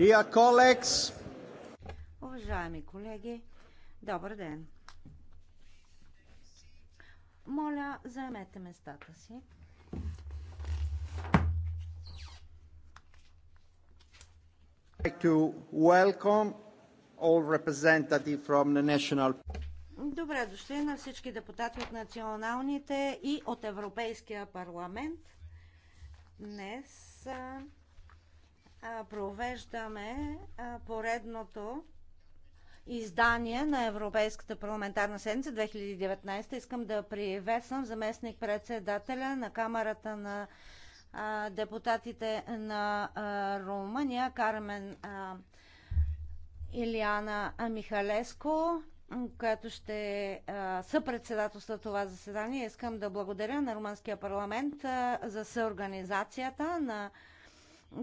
Dear colleagues. Уважаеми колеги, добър ден. Моля, заемете местата си. Добре дошли на всички депутати от националните и от Европейския парламент. Днес провеждаме поредното издание на Европейската парламентарна седмица 2019. Искам да приветствам заместник председателя на Камерата на депутатите на Румъния, Кармен Илиана Михалеско, която ще съпредседателства това заседание. Искам да благодаря на Румънския парламент за съорганизацията на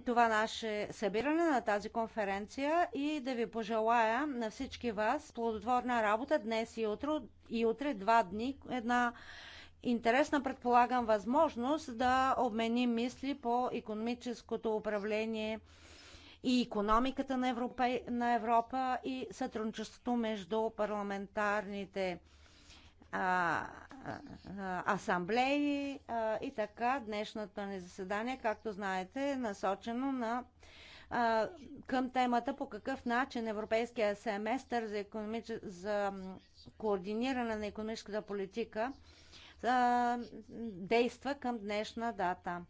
това наше събиране на тази конференция и да ви пожелая на всички вас плодотворна работа днес и утре, и утре два дни, една интересна, предполагам, възможност да обменим мисли по економическото управление и економиката на Европа, на Европа и сътрудничеството между парламентарните а, асамблеи и така днешната ни заседание, както знаете, е насочено на към темата по какъв начин Европейския семестър за, економич... за координиране на економическата политика действа към днешна дата.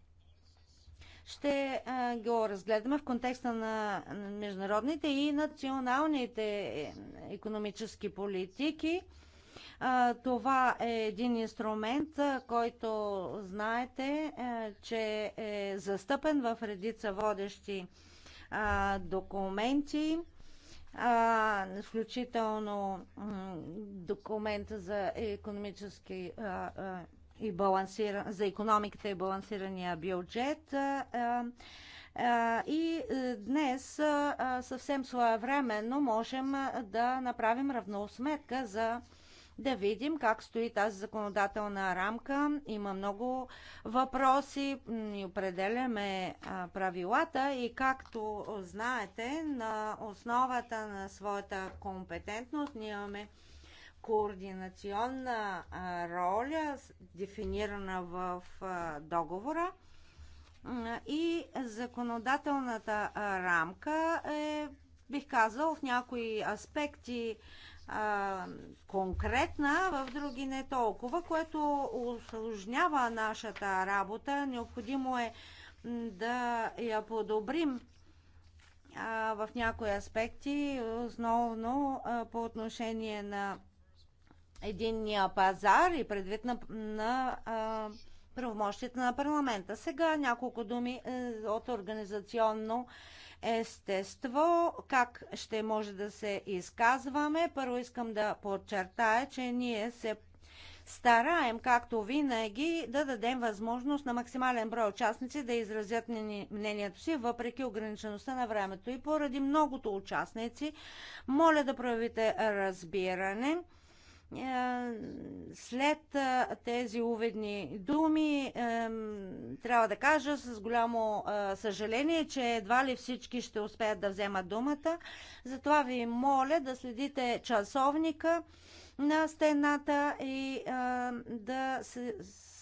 Ще го разгледаме в контекста на международните и националните економически политики. Това е един инструмент, който знаете, че е застъпен в редица водещи документи включително документа за економически и балансиран, за економиката и балансирания бюджет. и е, днес съвсем своевременно можем да направим равносметка за да видим как стои тази законодателна рамка. Има много въпроси и определяме правилата и както знаете, на основата на своята компетентност ние имаме координационна роля, дефинирана в договора и законодателната рамка е, бих казал, в някои аспекти а, конкретна, в други не толкова, което осложнява нашата работа. Необходимо е да я подобрим а, в някои аспекти, основно а, по отношение на единния пазар и предвид на, на а, правомощите на парламента. Сега няколко думи е, от организационно естество, как ще може да се изказваме. Първо искам да подчертая, че ние се стараем, както винаги, да дадем възможност на максимален брой участници да изразят мнението си, въпреки ограничеността на времето. И поради многото участници, моля да проявите разбиране. Е, след е, тези уведни думи е, трябва да кажа с голямо съжаление, че едва ли всички ще успеят да вземат думата. Затова ви моля да следите часовника на стената и да се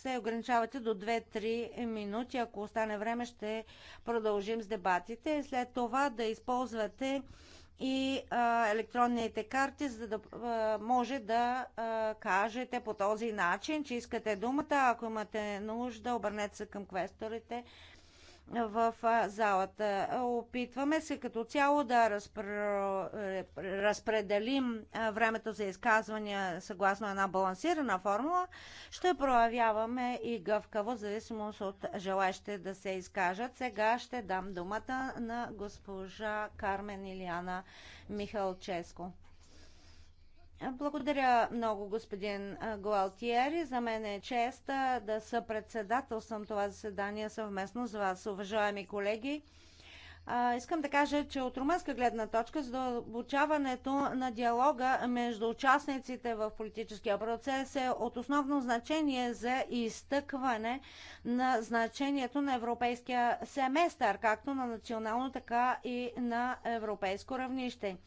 се ограничавате до 2-3 минути. Ако остане време, ще продължим с дебатите. След това да използвате и а, електронните карти, за да а, може да а, кажете по този начин, че искате думата. Ако имате нужда, обърнете се към квесторите в залата. Опитваме се като цяло да разпределим времето за изказвания съгласно една балансирана формула. Ще проявяваме и гъвкаво, в зависимост от желащите да се изкажат. Сега ще дам думата на госпожа Кармен Илиана Михалческо. Благодаря много, господин Гуалтиери. За мен е чест да съпредседателствам това заседание съвместно с вас, уважаеми колеги. искам да кажа, че от румънска гледна точка обучаването на диалога между участниците в политическия процес е от основно значение за изтъкване на значението на европейския семестър, както на национално, така и на европейско равнище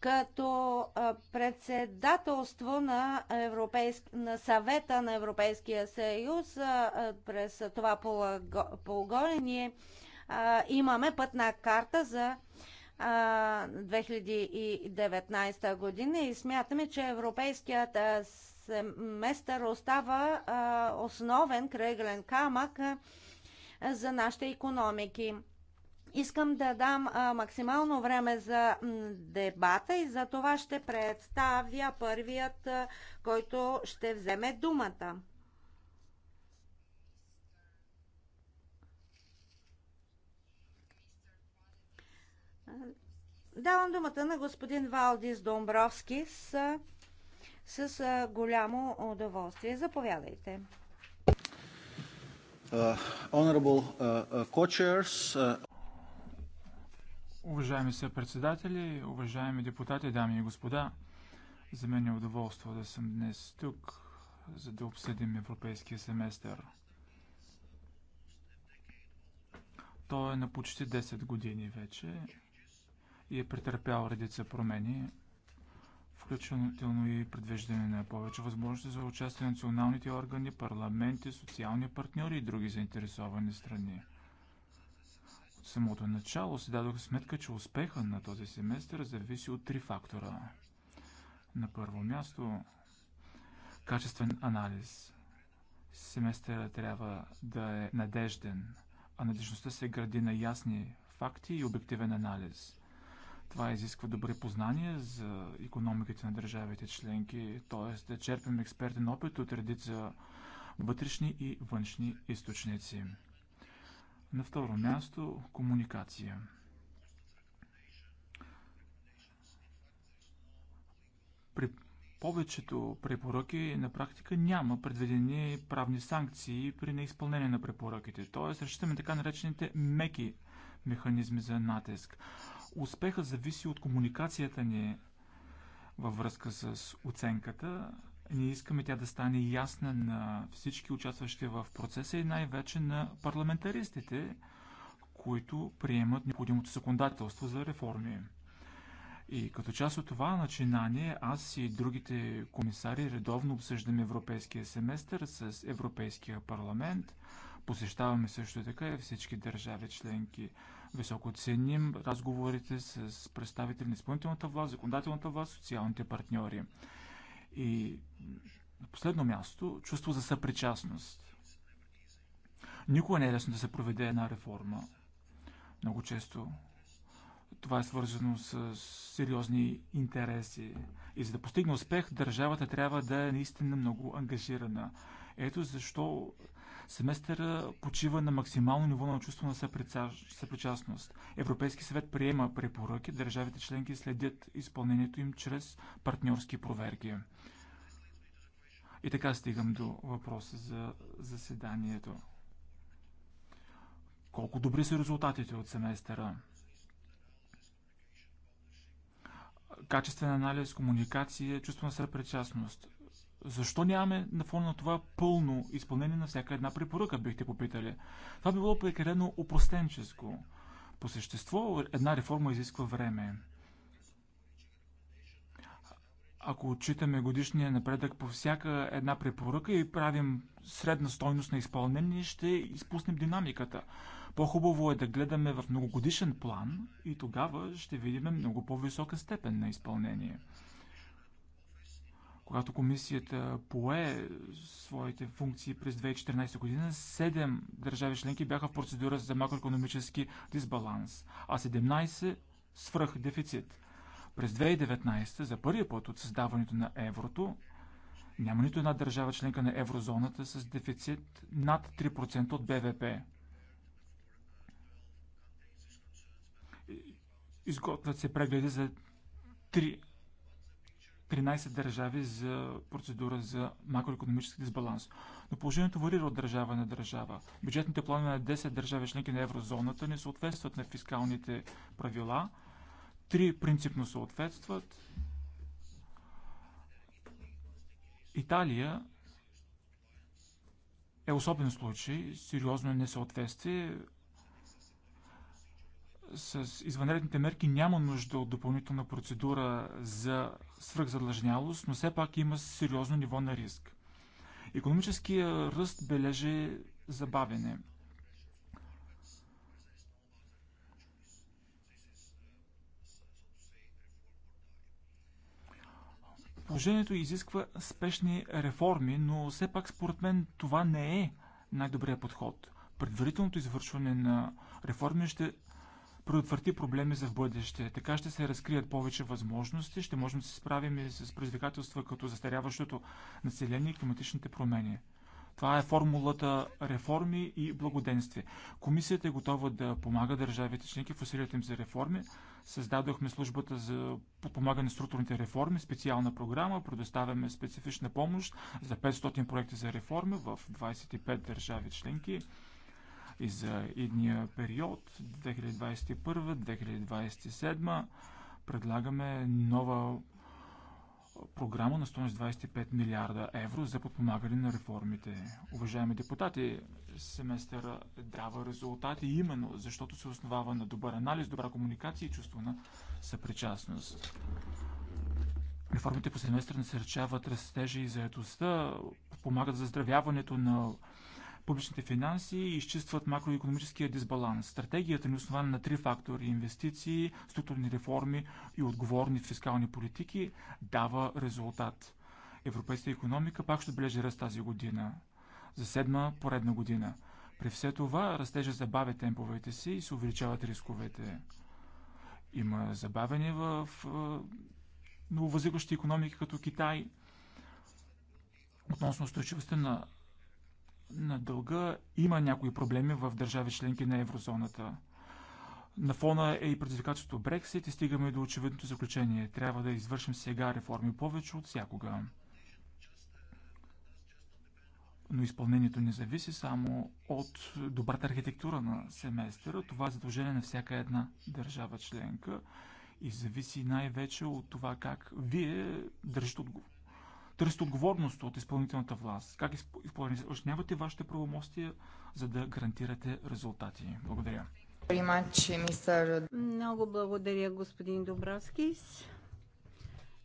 като председателство на, Европейск... на съвета на Европейския съюз през това полугодие ние имаме пътна карта за 2019 година и смятаме, че Европейският семестър остава основен кръглен камък за нашите економики. Искам да дам а, максимално време за м, дебата и за това ще представя първият, а, който ще вземе думата. Давам думата на господин Валдис Домбровски с, с с голямо удоволствие. Заповядайте. Uh, honorable uh, uh, co-chairs, uh, Уважаеми се председатели, уважаеми депутати, дами и господа, за мен е удоволство да съм днес тук, за да обсъдим европейския семестър. Той е на почти 10 години вече и е претърпял редица промени, включително и предвиждане на повече възможности за участие на националните органи, парламенти, социални партньори и други заинтересовани страни самото начало си дадох сметка, че успеха на този семестър зависи от три фактора. На първо място, качествен анализ. Семестъра трябва да е надежден, а надежността се гради на ясни факти и обективен анализ. Това изисква добри познания за економиките на държавите членки, т.е. да черпим експертен опит от редица вътрешни и външни източници. На второ място комуникация. При повечето препоръки на практика няма предвидени правни санкции при неизпълнение на препоръките, т.е. срещаме така наречените меки механизми за натиск. Успехът зависи от комуникацията ни във връзка с оценката, ние искаме тя да стане ясна на всички участващи в процеса и най-вече на парламентаристите, които приемат необходимото законодателство за реформи. И като част от това начинание, аз и другите комисари редовно обсъждаме европейския семестър с Европейския парламент. Посещаваме също така и всички държави членки. Високо ценим разговорите с представители на изпълнителната власт, законодателната власт, социалните партньори. И на последно място, чувство за съпричастност. Никога не е лесно да се проведе една реформа. Много често това е свързано с сериозни интереси. И за да постигне успех, държавата трябва да е наистина много ангажирана. Ето защо Семестъра почива на максимално ниво на чувство на съпричастност. Европейски съвет приема препоръки, държавите членки следят изпълнението им чрез партньорски проверки. И така стигам до въпроса за заседанието. Колко добри са резултатите от семестъра? Качествен анализ, комуникация, чувство на съпричастност – защо нямаме на фона на това пълно изпълнение на всяка една препоръка, бихте попитали? Това било прекалено упростенческо. По същество, една реформа изисква време. Ако отчитаме годишния напредък по всяка една препоръка и правим средна стойност на изпълнение, ще изпуснем динамиката. По-хубаво е да гледаме в многогодишен план и тогава ще видим много по-висока степен на изпълнение. Когато комисията пое своите функции през 2014 година, 7 държави членки бяха в процедура за макроекономически дисбаланс, а 17 свръх дефицит. През 2019, за първи път от създаването на еврото, няма нито една държава членка на еврозоната с дефицит над 3% от БВП. Изготвят се прегледи за три 13 държави за процедура за макроекономически дисбаланс. Но положението варира от държава на държава. Бюджетните планове на 10 държави членки на еврозоната не съответстват на фискалните правила. Три принципно съответстват. Италия е особен случай, сериозно несъответствие с извънредните мерки няма нужда от допълнителна процедура за свръхзадлъжнялост, но все пак има сериозно ниво на риск. Економическия ръст бележи забавене. Положението изисква спешни реформи, но все пак според мен това не е най-добрият подход. Предварителното извършване на реформи ще предотврати проблеми за в бъдеще. Така ще се разкрият повече възможности, ще можем да се справим и с предизвикателства като застаряващото население и климатичните промени. Това е формулата реформи и благоденствие. Комисията е готова да помага държавите членки в усилията им за реформи. Създадохме службата за подпомагане на структурните реформи, специална програма, предоставяме специфична помощ за 500 проекти за реформи в 25 държави членки и за идния период 2021-2027 предлагаме нова програма на стоеност 25 милиарда евро за подпомагане на реформите. Уважаеми депутати, семестъра дава резултати именно защото се основава на добър анализ, добра комуникация и чувство на съпричастност. Реформите по семестър насърчават растежа и заедостта, помагат за здравяването на публичните финанси и изчистват макроекономическия дисбаланс. Стратегията ни е основана на три фактори – инвестиции, структурни реформи и отговорни фискални политики, дава резултат. Европейската економика пак ще отбележи ръст тази година. За седма поредна година. При все това растежа забавя темповете си и се увеличават рисковете. Има забавяне в нововъзникващи економики като Китай, относно устойчивостта на на дълга има някои проблеми в държави членки на еврозоната. На фона е и предизвикателството Брексит и стигаме до очевидното заключение. Трябва да извършим сега реформи повече от всякога. Но изпълнението не зависи само от добрата архитектура на семестъра. Това е задължение на всяка една държава членка и зависи най-вече от това как вие държите отговор търсят отговорност от изпълнителната власт? Как изпълнявате вашите правомостия, за да гарантирате резултати? Благодаря. Много благодаря, господин Добровскис.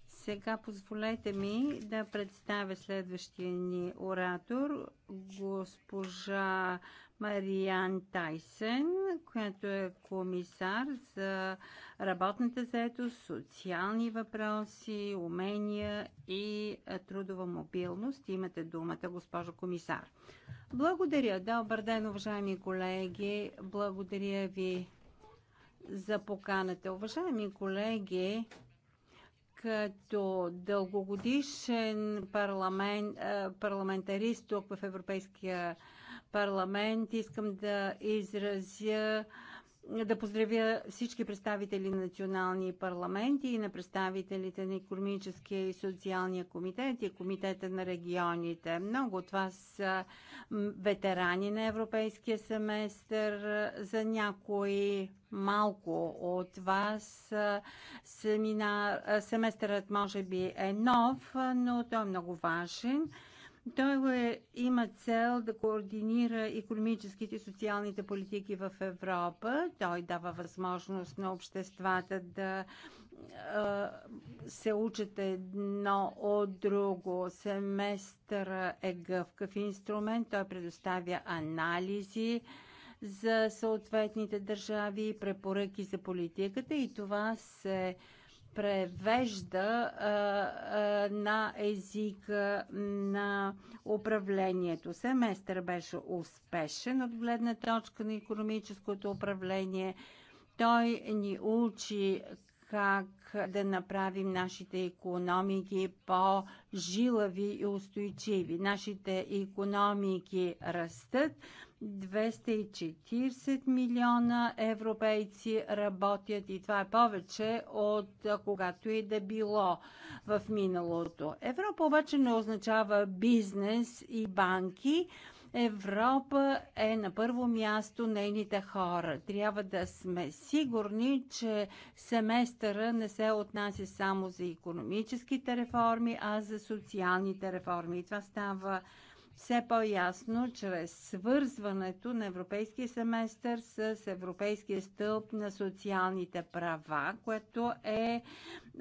Сега позволете ми да представя следващия ни оратор, госпожа Мариан Тайсен, която е комисар за работната заетост, социални въпроси, умения и трудова мобилност. Имате думата, госпожо комисар. Благодаря. Добър ден, уважаеми колеги. Благодаря ви за поканата. Уважаеми колеги, като дългогодишен парламент, е, парламентарист тук в Европейския парламент. Искам да изразя да поздравя всички представители на национални парламенти и на представителите на економическия и социалния комитет и комитета на регионите. Много от вас са ветерани на европейския семестър. За някои малко от вас семинар, семестърът може би е нов, но той е много важен. Той е, има цел да координира економическите и социалните политики в Европа. Той дава възможност на обществата да се учат едно от друго. Семестър е гъвкав инструмент. Той предоставя анализи за съответните държави и препоръки за политиката и това се превежда а, а, на езика на управлението. Семестър беше успешен от гледна точка на економическото управление. Той ни учи как да направим нашите економики по-жилави и устойчиви. Нашите економики растат, 240 милиона европейци работят и това е повече от когато и да било в миналото. Европа обаче не означава бизнес и банки. Европа е на първо място нейните хора. Трябва да сме сигурни, че семестъра не се отнася само за економическите реформи, а за социалните реформи. И това става все по-ясно чрез свързването на европейския семестър с европейския стълб на социалните права, което е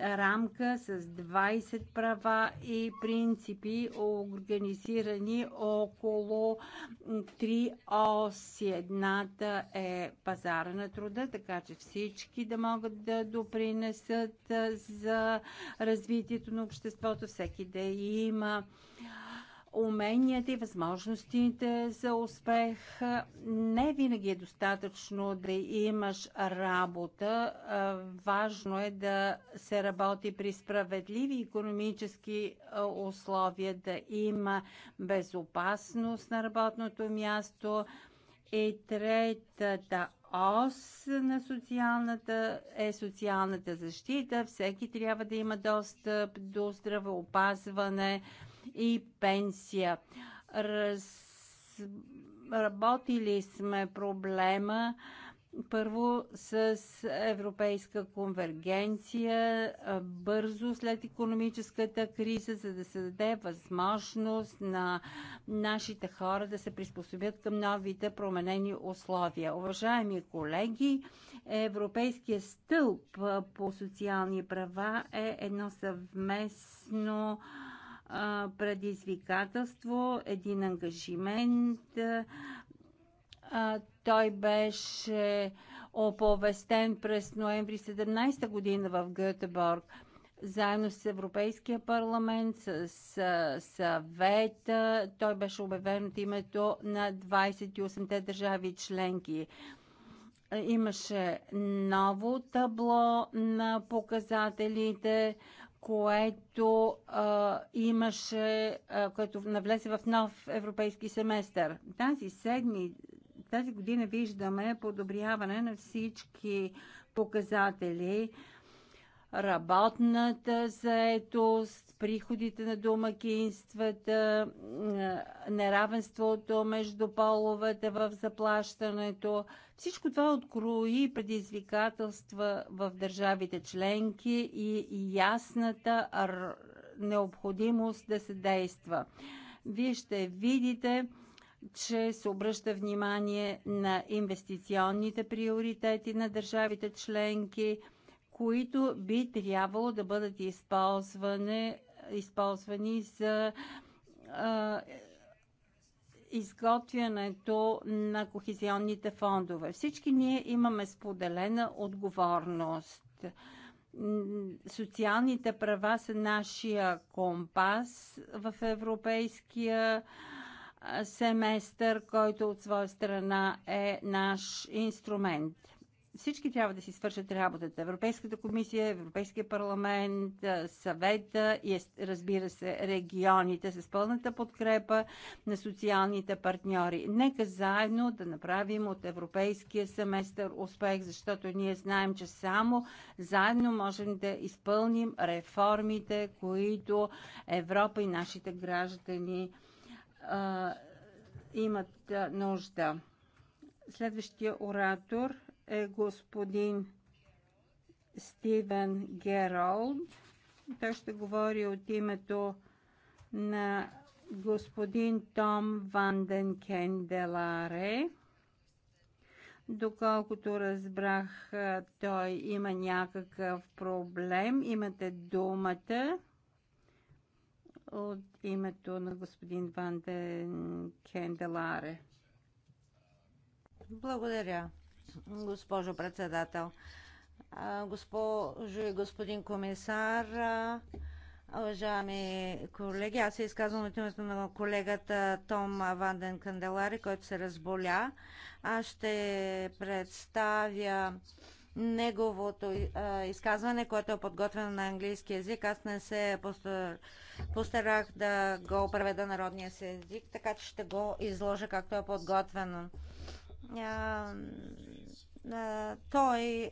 рамка с 20 права и принципи, организирани около 3 оси. Едната е пазара на труда, така че всички да могат да допринесат за развитието на обществото, всеки да има уменията и възможностите за успех. Не винаги е достатъчно да имаш работа. Важно е да се работи при справедливи економически условия, да има безопасност на работното място. И третата ос на социалната е социалната защита. Всеки трябва да има достъп до здравеопазване, и пенсия. Разработили сме проблема първо с европейска конвергенция, бързо след економическата криза, за да се даде възможност на нашите хора да се приспособят към новите променени условия. Уважаеми колеги, Европейския стълб по социални права е едно съвместно предизвикателство, един ангажимент. Той беше оповестен през ноември 17 година в Гетеборг заедно с Европейския парламент, с, с съвета. Той беше обявен от името на 28-те държави членки. Имаше ново табло на показателите, което а, имаше, а, което навлезе в нов европейски семестър. Тази седми, тази година виждаме подобряване на всички показатели. Работната заетост, приходите на домакинствата, е, неравенството между половете в заплащането. Всичко това открои предизвикателства в държавите членки и ясната необходимост да се действа. Вие ще видите, че се обръща внимание на инвестиционните приоритети на държавите членки, които би трябвало да бъдат използвани използвани за изготвянето на кохезионните фондове. Всички ние имаме споделена отговорност. Социалните права са нашия компас в европейския семестър, който от своя страна е наш инструмент всички трябва да си свършат работата. Европейската комисия, Европейския парламент, съвета и разбира се регионите с пълната подкрепа на социалните партньори. Нека заедно да направим от европейския семестър успех, защото ние знаем, че само заедно можем да изпълним реформите, които Европа и нашите граждани а, имат нужда. Следващия оратор – е господин Стивен Геролд. Той ще говори от името на господин Том Ванден Кенделаре. Доколкото разбрах, той има някакъв проблем. Имате думата от името на господин Ванден Кенделаре. Благодаря госпожо председател. Госпожо и господин комисар, уважаеми колеги, аз се изказвам от името на колегата Том Ванден Канделари, който се разболя. Аз ще представя неговото а, изказване, което е подготвено на английски язик. Аз не се постарах да го преведа народния си език, така че ще го изложа както е подготвено той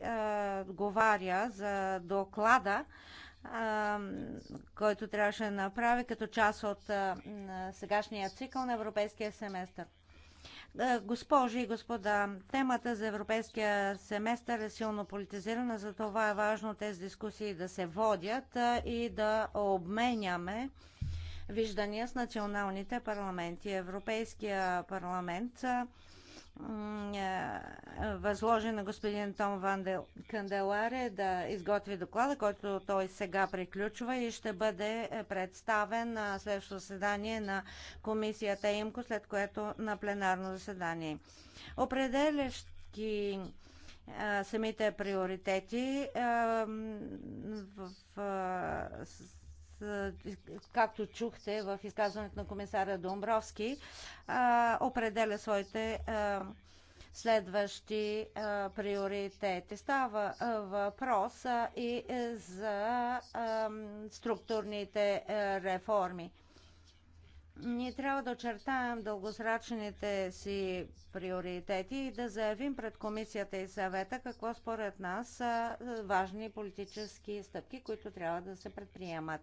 отговаря за доклада, който трябваше да направи като част от сегашния цикъл на европейския семестър. Госпожи и господа, темата за европейския семестър е силно политизирана, затова е важно тези дискусии да се водят и да обменяме виждания с националните парламенти. Европейския парламент е, е, възложи на господин Том Ван Канделаре да изготви доклада, който той сега приключва и ще бъде е, представен на следващото заседание на комисията ИМКО, след което на пленарно заседание. Определящи самите приоритети в е, както чухте в изказването на комисара Домбровски, е, определя своите е, следващи приоритети. Става въпрос и за структурните реформи. Ние трябва да очертаем дългосрачните си приоритети и да заявим пред комисията и съвета какво според нас са важни политически стъпки, които трябва да се предприемат.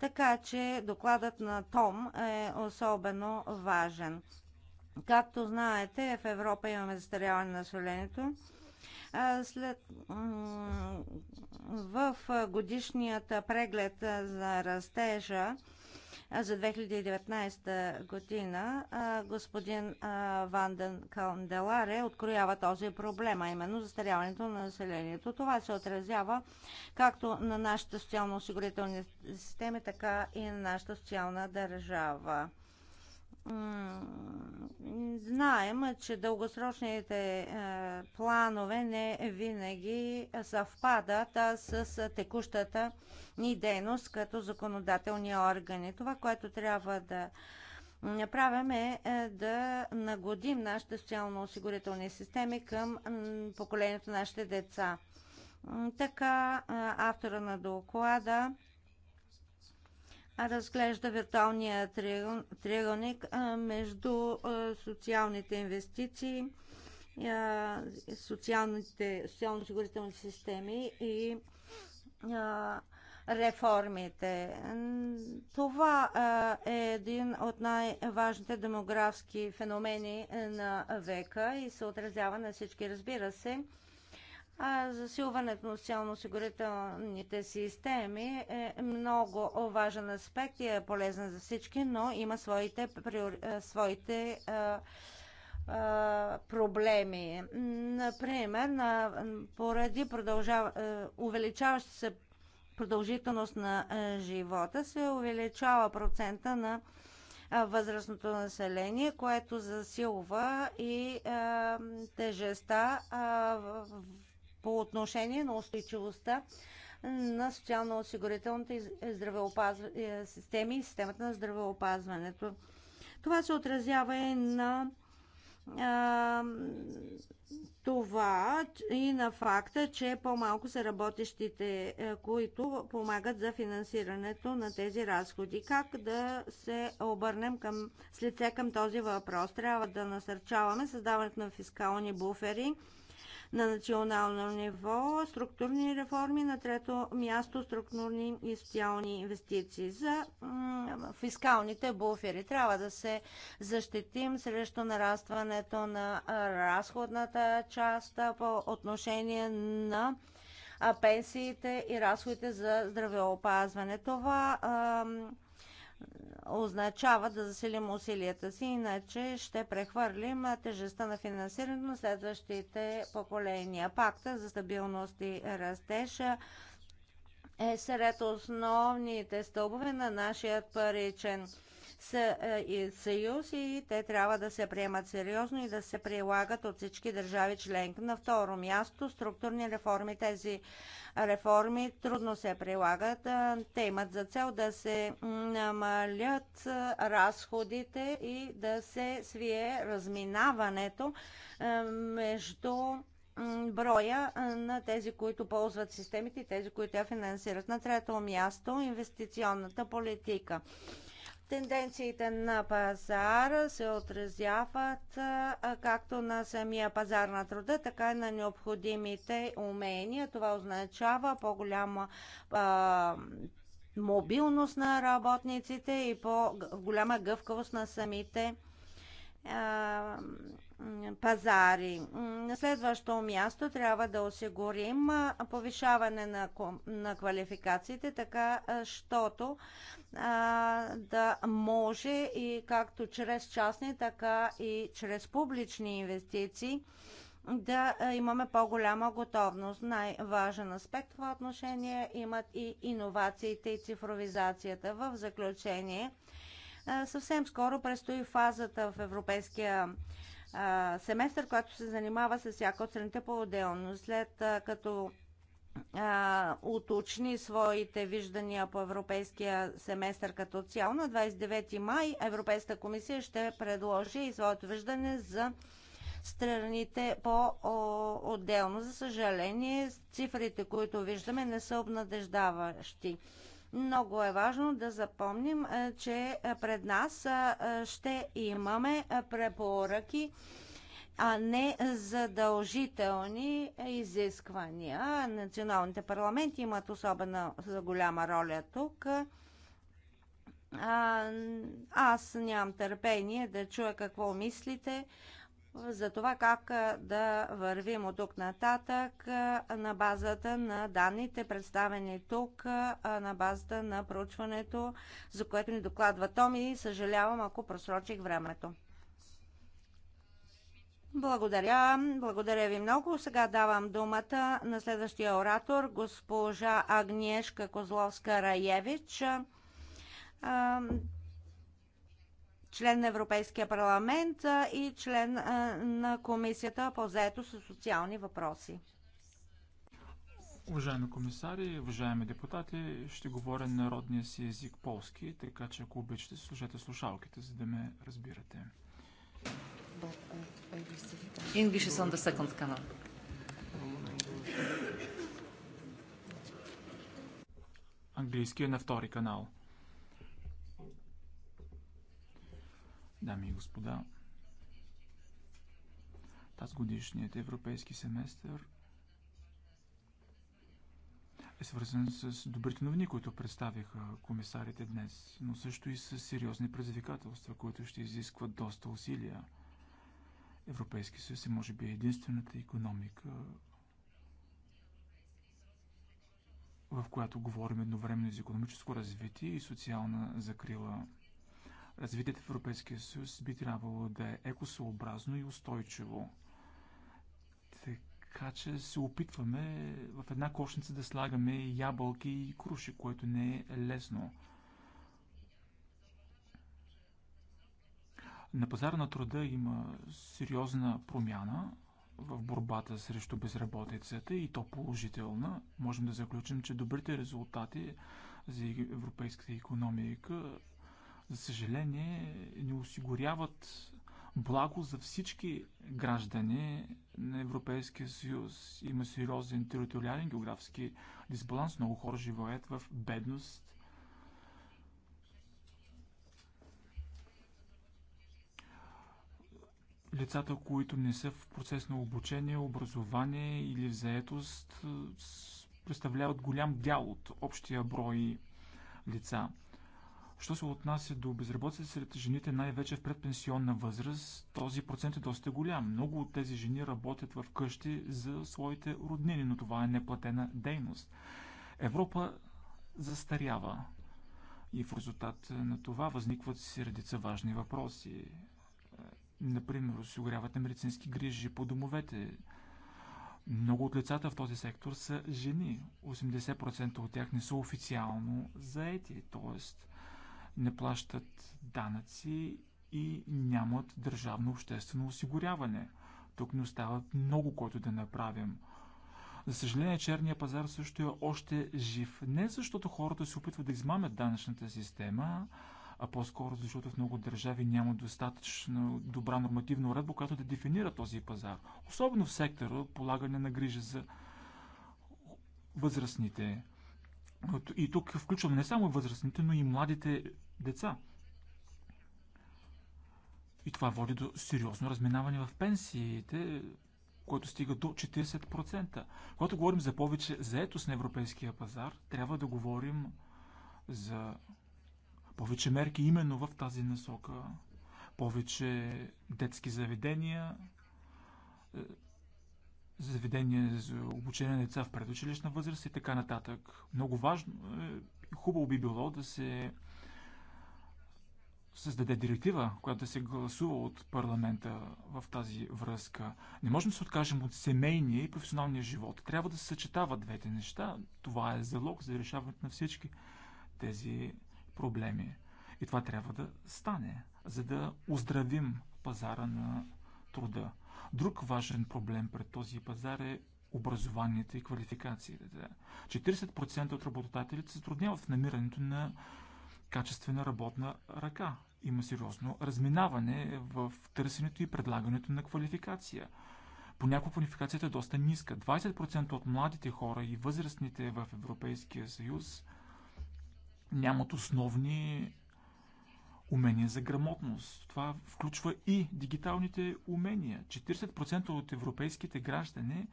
Така че докладът на Том е особено важен. Както знаете, в Европа имаме застаряване на населението. След, в годишният преглед за растежа за 2019 година господин Ванден Канделаре откроява този проблем, а именно застаряването на населението. Това се отразява както на нашите социално-осигурителни системи, така и на нашата социална държава. Знаем, че дългосрочните е, планове не винаги съвпадат с текущата ни дейност като законодателни органи. Това, което трябва да направим е, е да нагодим нашите социално-осигурителни системи към поколението на нашите деца. Така автора на доклада разглежда виртуалния триъгълник между социалните инвестиции, социалните, социално-осигурителни системи и реформите. Това е един от най-важните демографски феномени на века и се отразява на всички. Разбира се, а, засилването на социално-осигурителните системи е много важен аспект и е полезен за всички, но има своите, своите а, а, проблеми. Например, на, поради увеличаваща се продължителност на живота се увеличава процента на възрастното население, което засилва и а, тежеста а, по отношение на устойчивостта на социално-осигурителната и е, системи и системата на здравеопазването. Това се отразява и на а, това и на факта, че по-малко са работещите, е, които помагат за финансирането на тези разходи. Как да се обърнем към, с лице към този въпрос? Трябва да насърчаваме създаването на фискални буфери, на национално ниво, структурни реформи, на трето място структурни и социални инвестиции. За фискалните буфери трябва да се защитим срещу нарастването на разходната част по отношение на пенсиите и разходите за здравеопазване. Това означава да засилим усилията си, иначе ще прехвърлим тежестта на финансирането на следващите поколения. Пакта за стабилност и растеж е сред основните стълбове на нашия паричен е, съюз и те трябва да се приемат сериозно и да се прилагат от всички държави членки. На второ място, структурни реформи. Тези реформи трудно се прилагат. Е, те имат за цел да се намалят е, разходите и да се свие разминаването между броя на тези, които ползват системите и тези, които я финансират. На трето място инвестиционната политика. Тенденциите на пазара се отразяват както на самия пазар на труда, така и на необходимите умения. Това означава по-голяма мобилност на работниците и по-голяма гъвкавост на самите а, пазари. На следващо място трябва да осигурим повишаване на, на квалификациите, така щото а, да може и както чрез частни, така и чрез публични инвестиции да имаме по-голяма готовност. Най-важен аспект в отношение имат и иновациите и цифровизацията. В заключение, съвсем скоро предстои фазата в Европейския семестър, който се занимава с всяка от страните по-отделно. След а, като а, уточни своите виждания по европейския семестър като цяло, на 29 май Европейската комисия ще предложи и своето виждане за страните по-отделно. За съжаление, цифрите, които виждаме, не са обнадеждаващи. Много е важно да запомним, е, че е, пред нас е, ще имаме препоръки а не задължителни изисквания. Националните парламенти имат особена голяма роля тук. аз нямам търпение да чуя какво мислите за това как да вървим от тук нататък на базата на данните, представени тук, на базата на проучването, за което ни докладва и Съжалявам, ако просрочих времето. Благодаря. Благодаря ви много. Сега давам думата на следващия оратор, госпожа Агнешка Козловска-Раевич член на Европейския парламент и член на Комисията по заето с социални въпроси. Уважаеми комисари, уважаеми депутати, ще говоря народния си език полски, така че ако обичате, служете слушалките, за да ме разбирате. English is on the second canal. Английски е на втори канал. Дами и господа, тази годишният европейски семестър е свързан с добрите новини, които представиха комисарите днес, но също и с сериозни предизвикателства, които ще изискват доста усилия. Европейски съюз е може би единствената економика, в която говорим едновременно за економическо развитие и социална закрила – развитието в Европейския съюз би трябвало да е екосъобразно и устойчиво. Така че се опитваме в една кошница да слагаме ябълки и круши, което не е лесно. На пазара на труда има сериозна промяна в борбата срещу безработицата и то положителна. Можем да заключим, че добрите резултати за европейската економика за съжаление, не осигуряват благо за всички граждани на Европейския съюз. Има сериозен териториален географски дисбаланс. Много хора живеят в бедност. Лицата, които не са в процес на обучение, образование или в заетост, представляват голям дял от общия брой лица. Що се отнася до безработица сред жените, най-вече в предпенсионна възраст, този процент е доста голям. Много от тези жени работят в къщи за своите роднини, но това е неплатена дейност. Европа застарява и в резултат на това възникват си редица важни въпроси. Е, например, осигуряват на медицински грижи по домовете. Много от лицата в този сектор са жени. 80% от тях не са официално заети, т.е не плащат данъци и нямат държавно обществено осигуряване. Тук не остава много, което да направим. За съжаление, черния пазар също е още жив. Не защото хората се опитват да измамят данъчната система, а по-скоро защото в много държави няма достатъчно добра нормативна уредба, която да дефинира този пазар. Особено в сектора полагане на грижа за възрастните. И тук включвам не само възрастните, но и младите деца. И това води до сериозно разминаване в пенсиите, което стига до 40%. Когато говорим за повече заетост на европейския пазар, трябва да говорим за повече мерки именно в тази насока. Повече детски заведения, заведения за обучение на деца в предучилищна възраст и така нататък. Много важно е. хубаво би било да се създаде директива, която да се гласува от парламента в тази връзка. Не можем да се откажем от семейния и професионалния живот. Трябва да се съчетават двете неща. Това е залог за решаването на всички тези проблеми. И това трябва да стане, за да оздравим пазара на труда. Друг важен проблем пред този пазар е образованието и квалификациите. 40% от работодателите се затрудняват в намирането на качествена работна ръка. Има сериозно разминаване в търсенето и предлагането на квалификация. Понякога квалификацията е доста ниска. 20% от младите хора и възрастните в Европейския съюз нямат основни умения за грамотност. Това включва и дигиталните умения. 40% от европейските граждани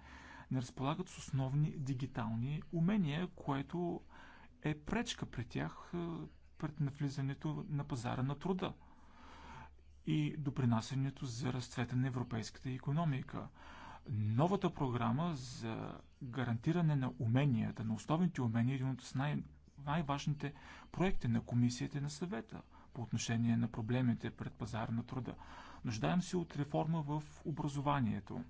не разполагат с основни дигитални умения, което е пречка при тях пред навлизането на пазара на труда и допринасянето за разцвета на европейската економика. Новата програма за гарантиране на уменията, на основните умения е един от най- най-важните проекти на комисията на съвета – по отношение на проблемите пред пазар на труда. Нуждаем се от реформа в образованието.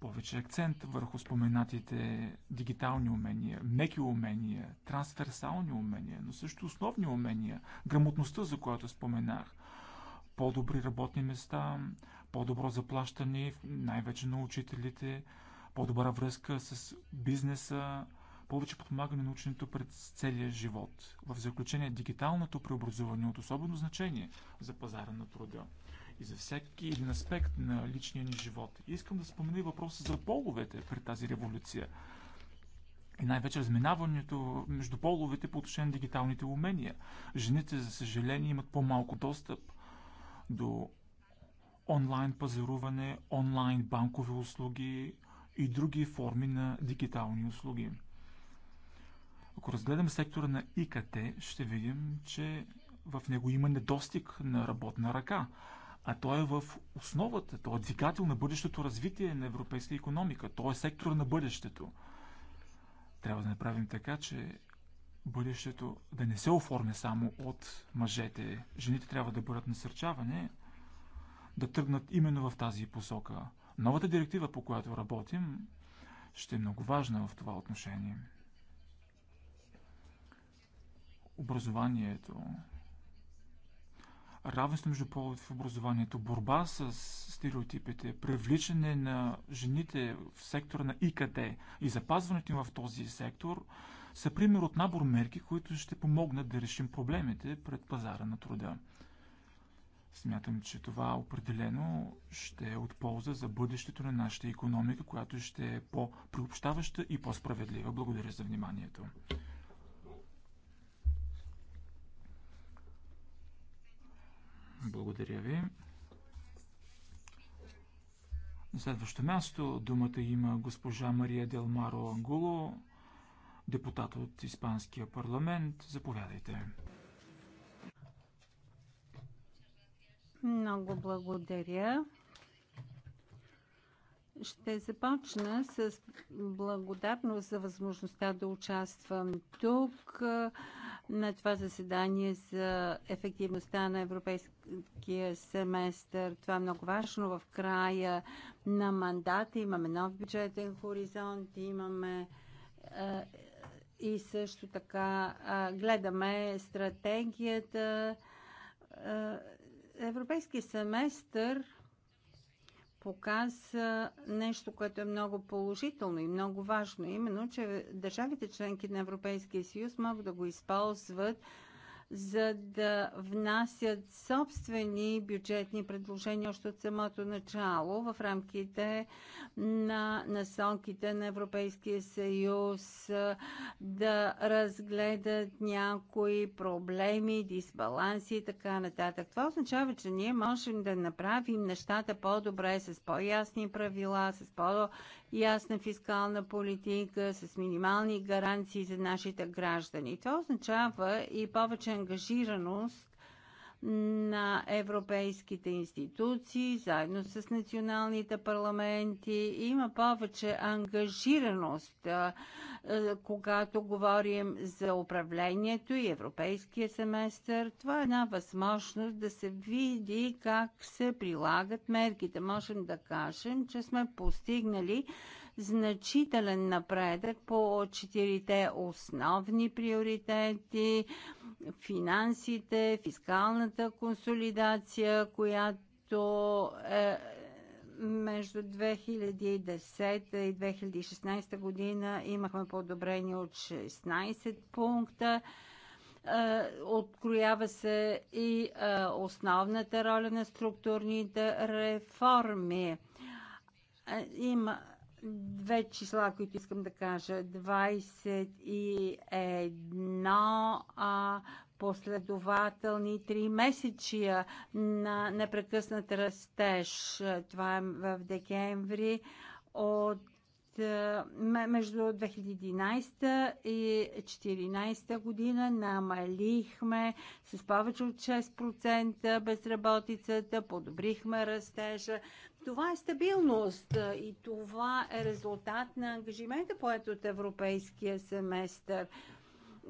Повече акцент върху споменатите дигитални умения, меки умения, трансферсални умения, но също основни умения, грамотността, за която споменах, по-добри работни места, по-добро заплащане, най-вече на учителите, по-добра връзка с бизнеса, повече подпомагане на ученето през целия живот. В заключение, дигиталното преобразуване е от особено значение за пазара на труда и за всеки един аспект на личния ни живот. И искам да спомена и въпроса за половете при тази революция. И най-вече разминаването между половете по отношение на дигиталните умения. Жените, за съжаление, имат по-малко достъп до онлайн пазаруване, онлайн банкови услуги и други форми на дигитални услуги. Ако разгледаме сектора на ИКТ, ще видим, че в него има недостиг на работна ръка. А той е в основата, той е двигател на бъдещото развитие на европейска економика. Той е сектора на бъдещето. Трябва да направим така, че бъдещето да не се оформя само от мъжете. Жените трябва да бъдат насърчавани да тръгнат именно в тази посока. Новата директива, по която работим, ще е много важна в това отношение образованието, равенство между половете в образованието, борба с стереотипите, привличане на жените в сектора на ИКТ и запазването им в този сектор са пример от набор мерки, които ще помогнат да решим проблемите пред пазара на труда. Смятам, че това определено ще е от полза за бъдещето на нашата економика, която ще е по-приобщаваща и по-справедлива. Благодаря за вниманието. Благодаря ви. На следващо място думата има госпожа Мария Делмаро Ангуло, депутат от Испанския парламент. Заповядайте. Много благодаря. Ще започна с благодарност за възможността да участвам тук на това заседание за ефективността на европейския семестър. Това е много важно. В края на мандата имаме нов бюджетен хоризонт, имаме и също така гледаме стратегията. европейския семестър показа нещо, което е много положително и много важно, именно, че държавите членки на Европейския съюз могат да го използват за да внасят собствени бюджетни предложения още от самото начало в рамките на насонките на Европейския съюз, да разгледат някои проблеми, дисбаланси и така нататък. Това означава, че ние можем да направим нещата по-добре, с по-ясни правила, с по ясна фискална политика с минимални гаранции за нашите граждани. Това означава и повече ангажираност на европейските институции, заедно с националните парламенти. Има повече ангажираност, когато говорим за управлението и европейския семестър. Това е една възможност да се види как се прилагат мерките. Можем да кажем, че сме постигнали значителен напредък по четирите основни приоритети финансите, фискалната консолидация, която е между 2010 и 2016 година имахме подобрение от 16 пункта. Е, откроява се и е, основната роля на структурните реформи. Е, има две числа, които искам да кажа. 21 а, последователни три месечия на непрекъснат растеж. Това е в декември от е, между 2011 и 2014 година намалихме с повече от 6% безработицата, подобрихме растежа, това е стабилност и това е резултат на ангажимента, поет от европейския семестър.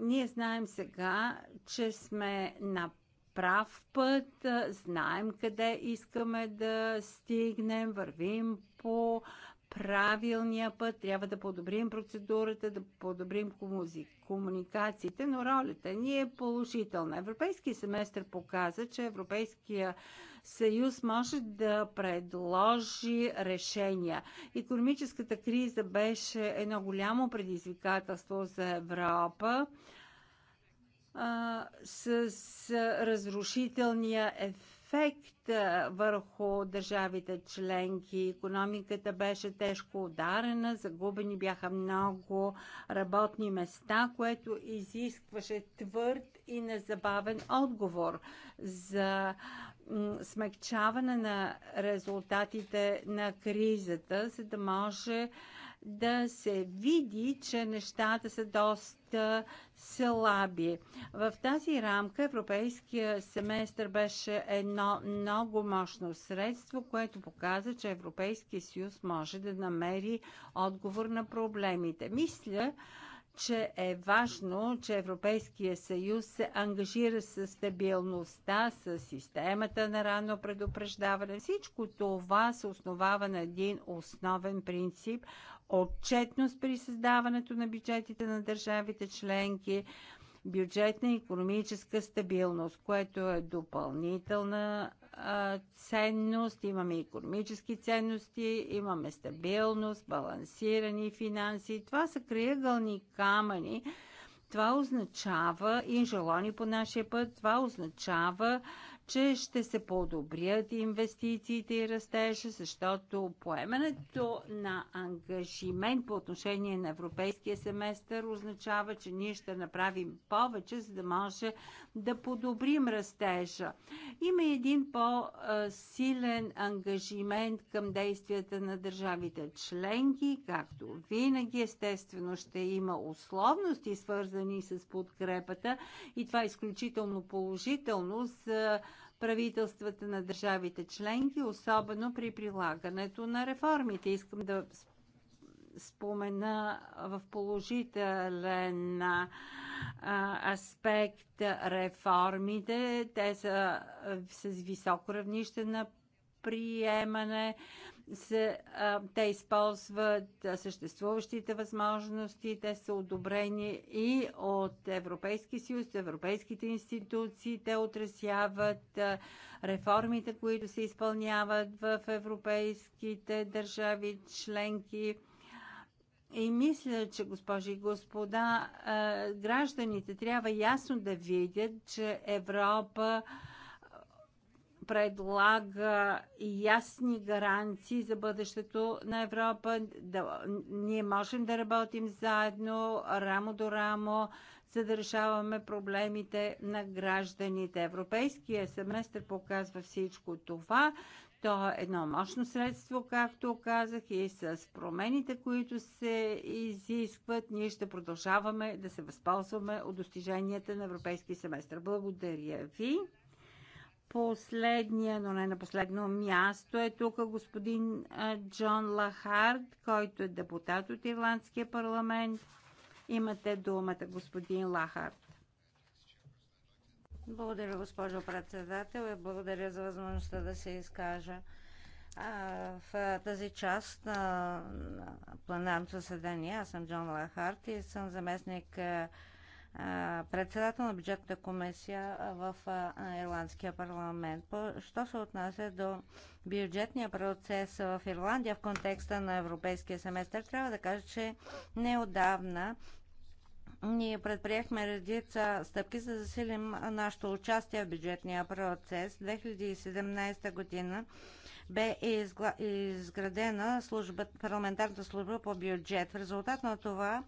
Ние знаем сега, че сме на прав път, знаем къде искаме да стигнем, вървим по правилния път, трябва да подобрим процедурата, да подобрим комуникациите, но ролята ни е положителна. Европейския семестър показа, че Европейския съюз може да предложи решения. Економическата криза беше едно голямо предизвикателство за Европа с разрушителния ефект ефект върху държавите членки. Економиката беше тежко ударена, загубени бяха много работни места, което изискваше твърд и незабавен отговор за смягчаване на резултатите на кризата, за да може да се види, че нещата са доста слаби. В тази рамка Европейския семестър беше едно много мощно средство, което показа, че Европейския съюз може да намери отговор на проблемите. Мисля, че е важно, че Европейския съюз се ангажира с стабилността, с системата на ранно предупреждаване. Всичко това се основава на един основен принцип, отчетност при създаването на бюджетите на държавите членки, бюджетна и економическа стабилност, което е допълнителна ценност, имаме економически ценности, имаме стабилност, балансирани финанси. Това са криъгълни камъни. Това означава и желани по нашия път, това означава че ще се подобрят инвестициите и растежа, защото поемането на ангажимент по отношение на европейския семестър означава, че ние ще направим повече, за да може да подобрим растежа. Има един по-силен ангажимент към действията на държавите членки, както винаги естествено ще има условности свързани с подкрепата и това е изключително положително за правителствата на държавите членки, особено при прилагането на реформите. Искам да спомена в положителен аспект реформите. Те са с високо равнище на приемане се, а, те използват съществуващите възможности, те са одобрени и от Европейски съюз, европейските институции, те отразяват а, реформите, които се изпълняват в европейските държави членки. И мисля, че, госпожи и господа, а, гражданите трябва ясно да видят, че Европа а, предлага ясни гаранции за бъдещето на Европа. Да, ние можем да работим заедно, рамо до рамо, за да решаваме проблемите на гражданите. Европейския семестър показва всичко това. То е едно мощно средство, както казах, и с промените, които се изискват, ние ще продължаваме да се възползваме от достиженията на европейски семестър. Благодаря ви. Последния, но не на последно място е тук господин Джон Лахард, който е депутат от Ирландския парламент. Имате думата, господин Лахард. Благодаря, госпожо председател, и благодаря за възможността да се изкажа в тази част на пленарното съседание. Аз съм Джон Лахарт и съм заместник председател на бюджетната комисия в Ирландския парламент. Що се отнася до бюджетния процес в Ирландия в контекста на европейския семестър, трябва да кажа, че неодавна ние предприехме редица стъпки за да засилим нашето участие в бюджетния процес. 2017 година бе изградена служба, парламентарната служба по бюджет. В резултат на това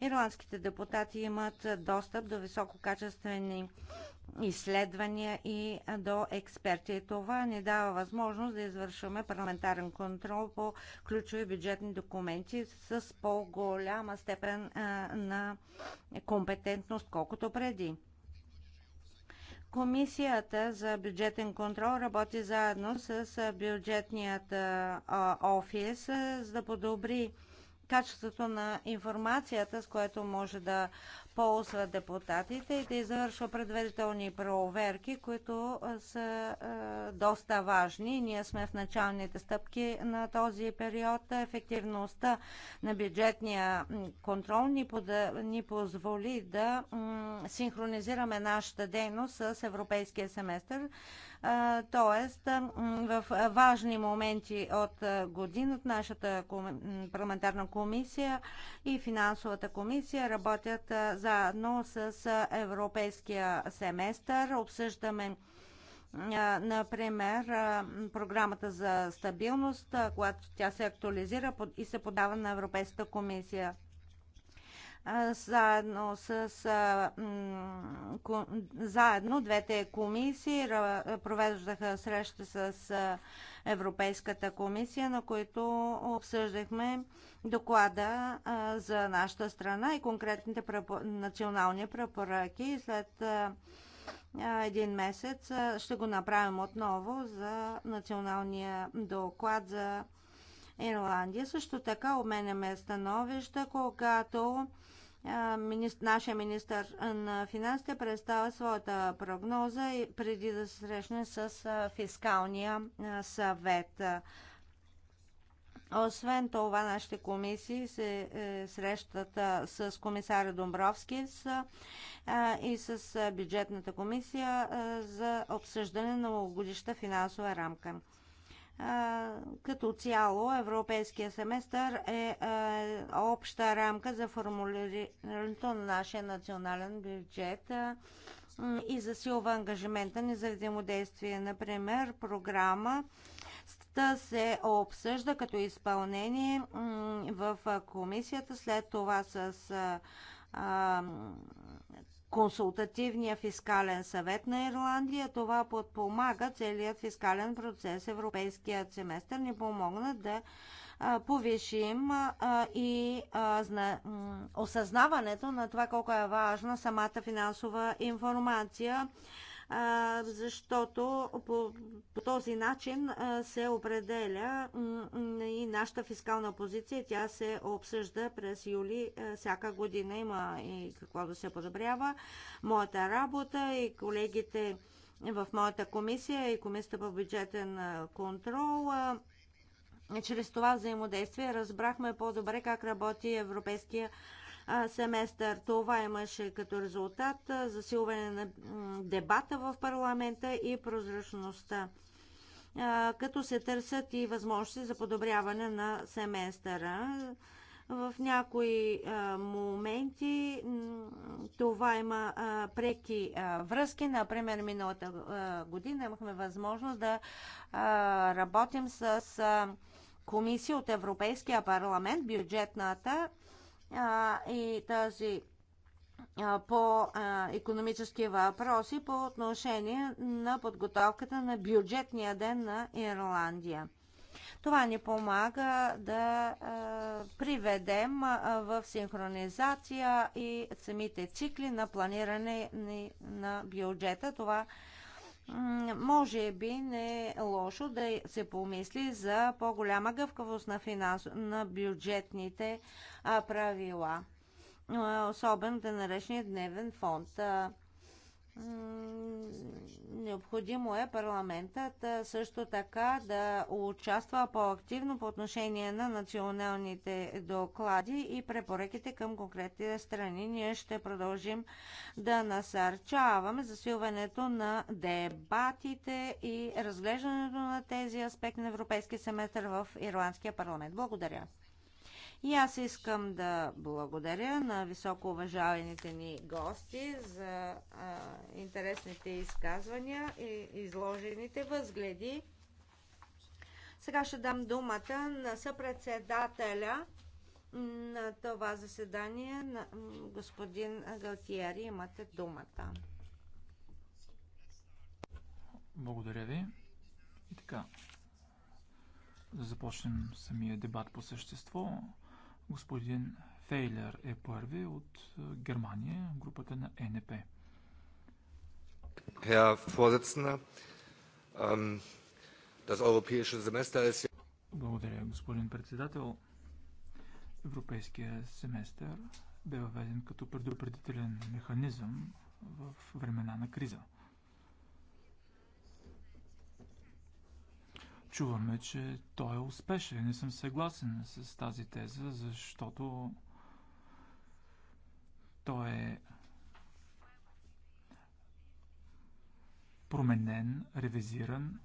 ирландските депутати имат достъп до висококачествени изследвания и до експерти. Това ни дава възможност да извършваме парламентарен контрол по ключови бюджетни документи с по-голяма степен на компетентност, колкото преди. Комисията за бюджетен контрол работи заедно с бюджетният офис, за да подобри качеството на информацията, с което може да ползва депутатите и да извършва предварителни проверки, които са доста важни. Ние сме в началните стъпки на този период. Ефективността на бюджетния контрол ни, пода, ни позволи да синхронизираме нашата дейност с европейския семестър. Тоест, в важни моменти от година от нашата парламентарна комисия и финансовата комисия работят заедно с европейския семестър. Обсъждаме например, програмата за стабилност, когато тя се актуализира и се подава на Европейската комисия заедно с заедно двете комисии провеждаха среща с Европейската комисия, на които обсъждахме доклада за нашата страна и конкретните национални препоръки. След един месец ще го направим отново за националния доклад за Ирландия. Също така обменяме становища, когато нашия министр на финансите представя своята прогноза и преди да се срещне с фискалния съвет. Освен това, нашите комисии се е, срещат с комисаря Домбровски и с бюджетната комисия за обсъждане на годишната финансова рамка като цяло европейския семестър е, е обща рамка за формулирането на нашия национален бюджет и засилва ангажимента ни за взаимодействие. Например, програма се обсъжда като изпълнение в комисията, след това с консултативния фискален съвет на Ирландия. Това подпомага целият фискален процес. Европейският семестър ни помогна да повишим и осъзнаването на това колко е важна самата финансова информация защото по, по този начин се определя и нашата фискална позиция. Тя се обсъжда през юли всяка година. Има и какво да се подобрява. Моята работа и колегите в моята комисия и комисията по бюджетен контрол чрез това взаимодействие разбрахме по-добре как работи Европейския семестър. Това имаше като резултат засилване на дебата в парламента и прозрачността като се търсят и възможности за подобряване на семестъра. В някои моменти това има преки връзки. Например, миналата година имахме възможност да работим с комисия от Европейския парламент, бюджетната, и тази по економически въпроси по отношение на подготовката на бюджетния ден на Ирландия. Това ни помага да приведем в синхронизация и самите цикли на планиране на бюджета. Това може би не е лошо да се помисли за по-голяма гъвкавост на, финанс... на бюджетните правила, особено да наречения дневен фонд. Необходимо е парламентът също така да участва по-активно по отношение на националните доклади и препоръките към конкретните страни. Ние ще продължим да насърчаваме засилването на дебатите и разглеждането на тези аспекти на европейски семестър в Ирландския парламент. Благодаря. И аз искам да благодаря на високо уважаваните ни гости за а, интересните изказвания и изложените възгледи. Сега ще дам думата на съпредседателя на това заседание на господин Галтиери. Имате думата. Благодаря ви. И така, да започнем самия дебат по същество. Господин Фейлер е първи от Германия, групата на НП. Herr Vorsitzender, ähm, das europäische Semester ist... Благодаря, господин председател. Европейския семестър бе въведен като предупредителен механизъм в времена на криза – Чуваме, че той е успешен. Не съм съгласен с тази теза, защото той е променен, ревизиран.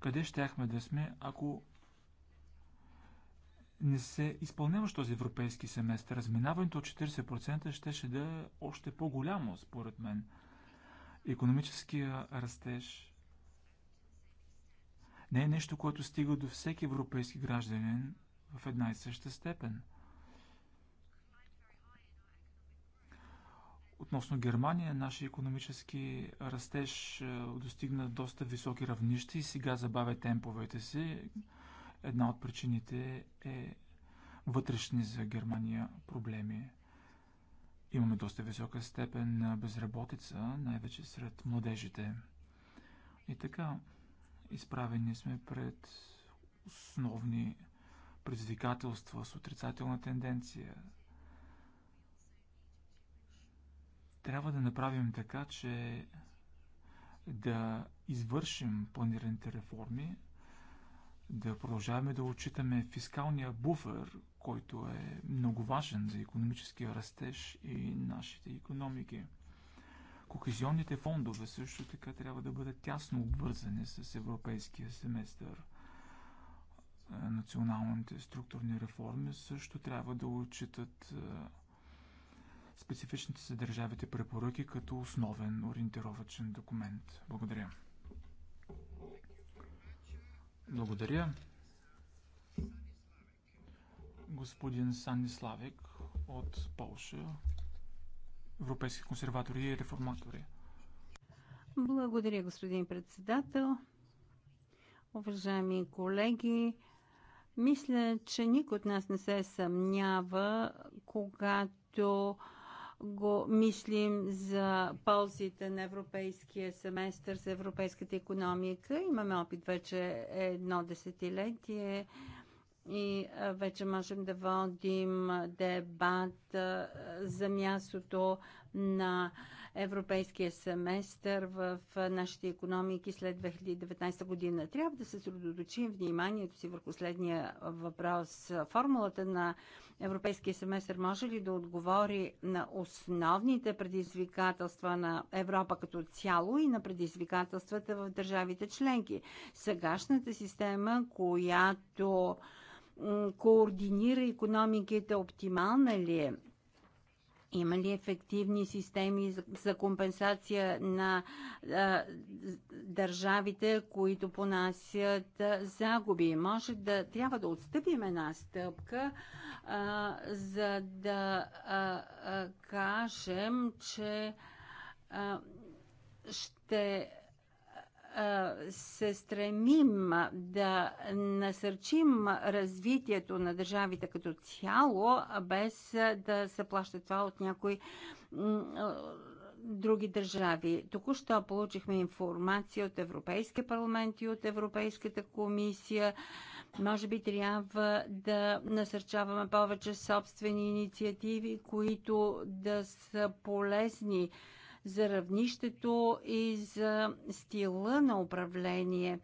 Къде щяхме да сме, ако не се изпълняваш този европейски семестър? Разминаването от 40% щеше да е още по-голямо, според мен. Економическия растеж не е нещо, което стига до всеки европейски гражданин в една и съща степен. Относно Германия, нашия економически растеж е, достигна доста високи равнища и сега забавя темповете си. Една от причините е вътрешни за Германия проблеми. Имаме доста висока степен на безработица, най-вече сред младежите. И така, изправени сме пред основни предизвикателства с отрицателна тенденция. Трябва да направим така, че да извършим планираните реформи, да продължаваме да отчитаме фискалния буфер, който е много важен за економическия растеж и нашите економики. Кохезионните фондове също така трябва да бъдат тясно обвързани с европейския семестър. Националните структурни реформи също трябва да отчитат е, специфичните за държавите препоръки като основен ориентировачен документ. Благодаря. Благодаря. Господин Саниславик от Полша, европейски консерватори и реформатори. Благодаря, господин председател. Уважаеми колеги, мисля, че никой от нас не се съмнява, когато го мислим за ползите на европейския семестър за европейската економика. Имаме опит вече едно десетилетие и вече можем да водим дебат за мястото на европейския семестър в нашите економики след 2019 година. Трябва да се съсредоточим вниманието си върху следния въпрос. Формулата на европейския семестър може ли да отговори на основните предизвикателства на Европа като цяло и на предизвикателствата в държавите членки? Сегашната система, която координира економиките, оптимална ли е? Има ли ефективни системи за компенсация на а, държавите, които понасят а, загуби? Може да трябва да отстъпим една стъпка, а, за да а, а, кажем, че а, ще се стремим да насърчим развитието на държавите като цяло, без да се плаща това от някои други държави. Току-що получихме информация от Европейския парламент и от Европейската комисия. Може би трябва да насърчаваме повече собствени инициативи, които да са полезни за равнището и за стила на управление.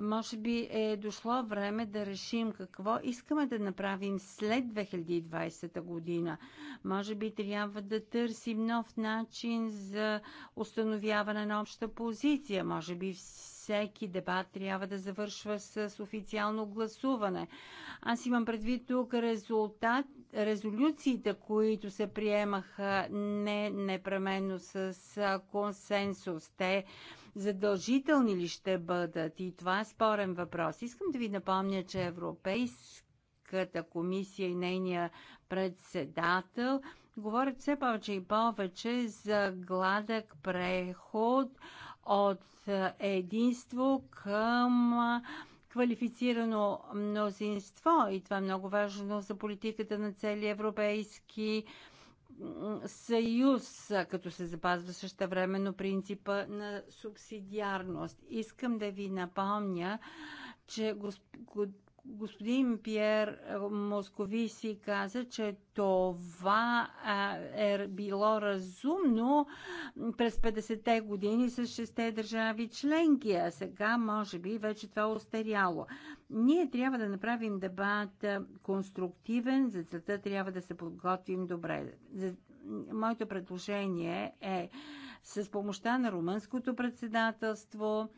Може би е дошло време да решим какво искаме да направим след 2020 година. Може би трябва да търсим нов начин за установяване на обща позиция. Може би всеки дебат трябва да завършва с официално гласуване. Аз имам предвид тук резултат резолюциите, които се приемаха не непременно с консенсус. Те задължителни ли ще бъдат? И това е спорен въпрос. Искам да ви напомня, че Европейската комисия и нейния председател говорят все повече и повече за гладък преход от единство към квалифицирано мнозинство и това е много важно за политиката на целия Европейски съюз, като се запазва същевременно принципа на субсидиарност. Искам да ви напомня, че госп... Господин Пьер Московиси каза, че това е било разумно през 50-те години с 6-те държави членки, а сега може би вече това е остаряло. Ние трябва да направим дебат конструктивен, за целта трябва да се подготвим добре. Моето предложение е с помощта на румънското председателство,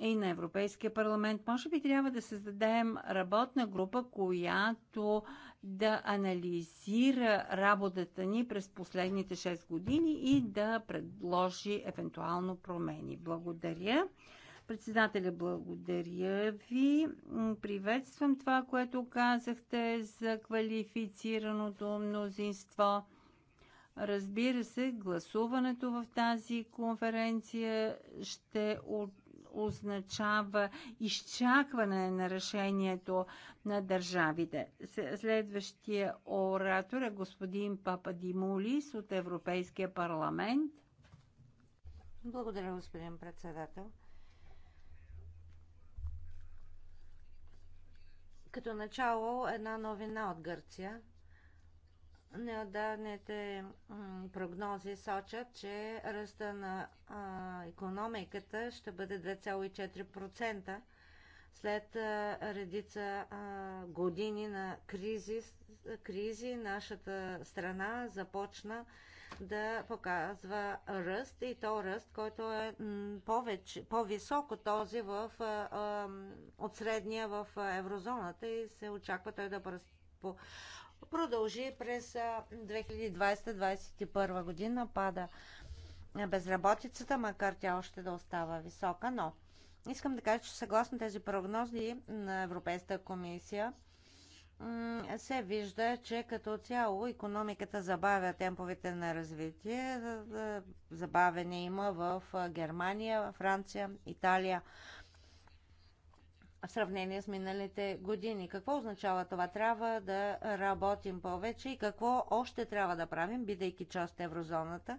и на Европейския парламент. Може би трябва да създадем работна група, която да анализира работата ни през последните 6 години и да предложи евентуално промени. Благодаря. Председателя, благодаря ви. Приветствам това, което казахте за квалифицираното мнозинство. Разбира се, гласуването в тази конференция ще означава изчакване на решението на държавите. Следващия оратор е господин Пападимулис от Европейския парламент. Благодаря, господин председател. Като начало една новина от Гърция. Неодавните прогнози сочат, че ръста на економиката ще бъде 2,4% след редица години на кризи, кризи нашата страна започна да показва ръст и то ръст, който е повече, по-висок от този в, от средния в еврозоната и се очаква той да продължи през 2020-2021 година. Пада безработицата, макар тя още да остава висока, но искам да кажа, че съгласно тези прогнози на Европейската комисия, се вижда, че като цяло економиката забавя темповете на развитие. Забавене има в Германия, Франция, Италия, в сравнение с миналите години. Какво означава това? Трябва да работим повече и какво още трябва да правим, бидейки част еврозоната,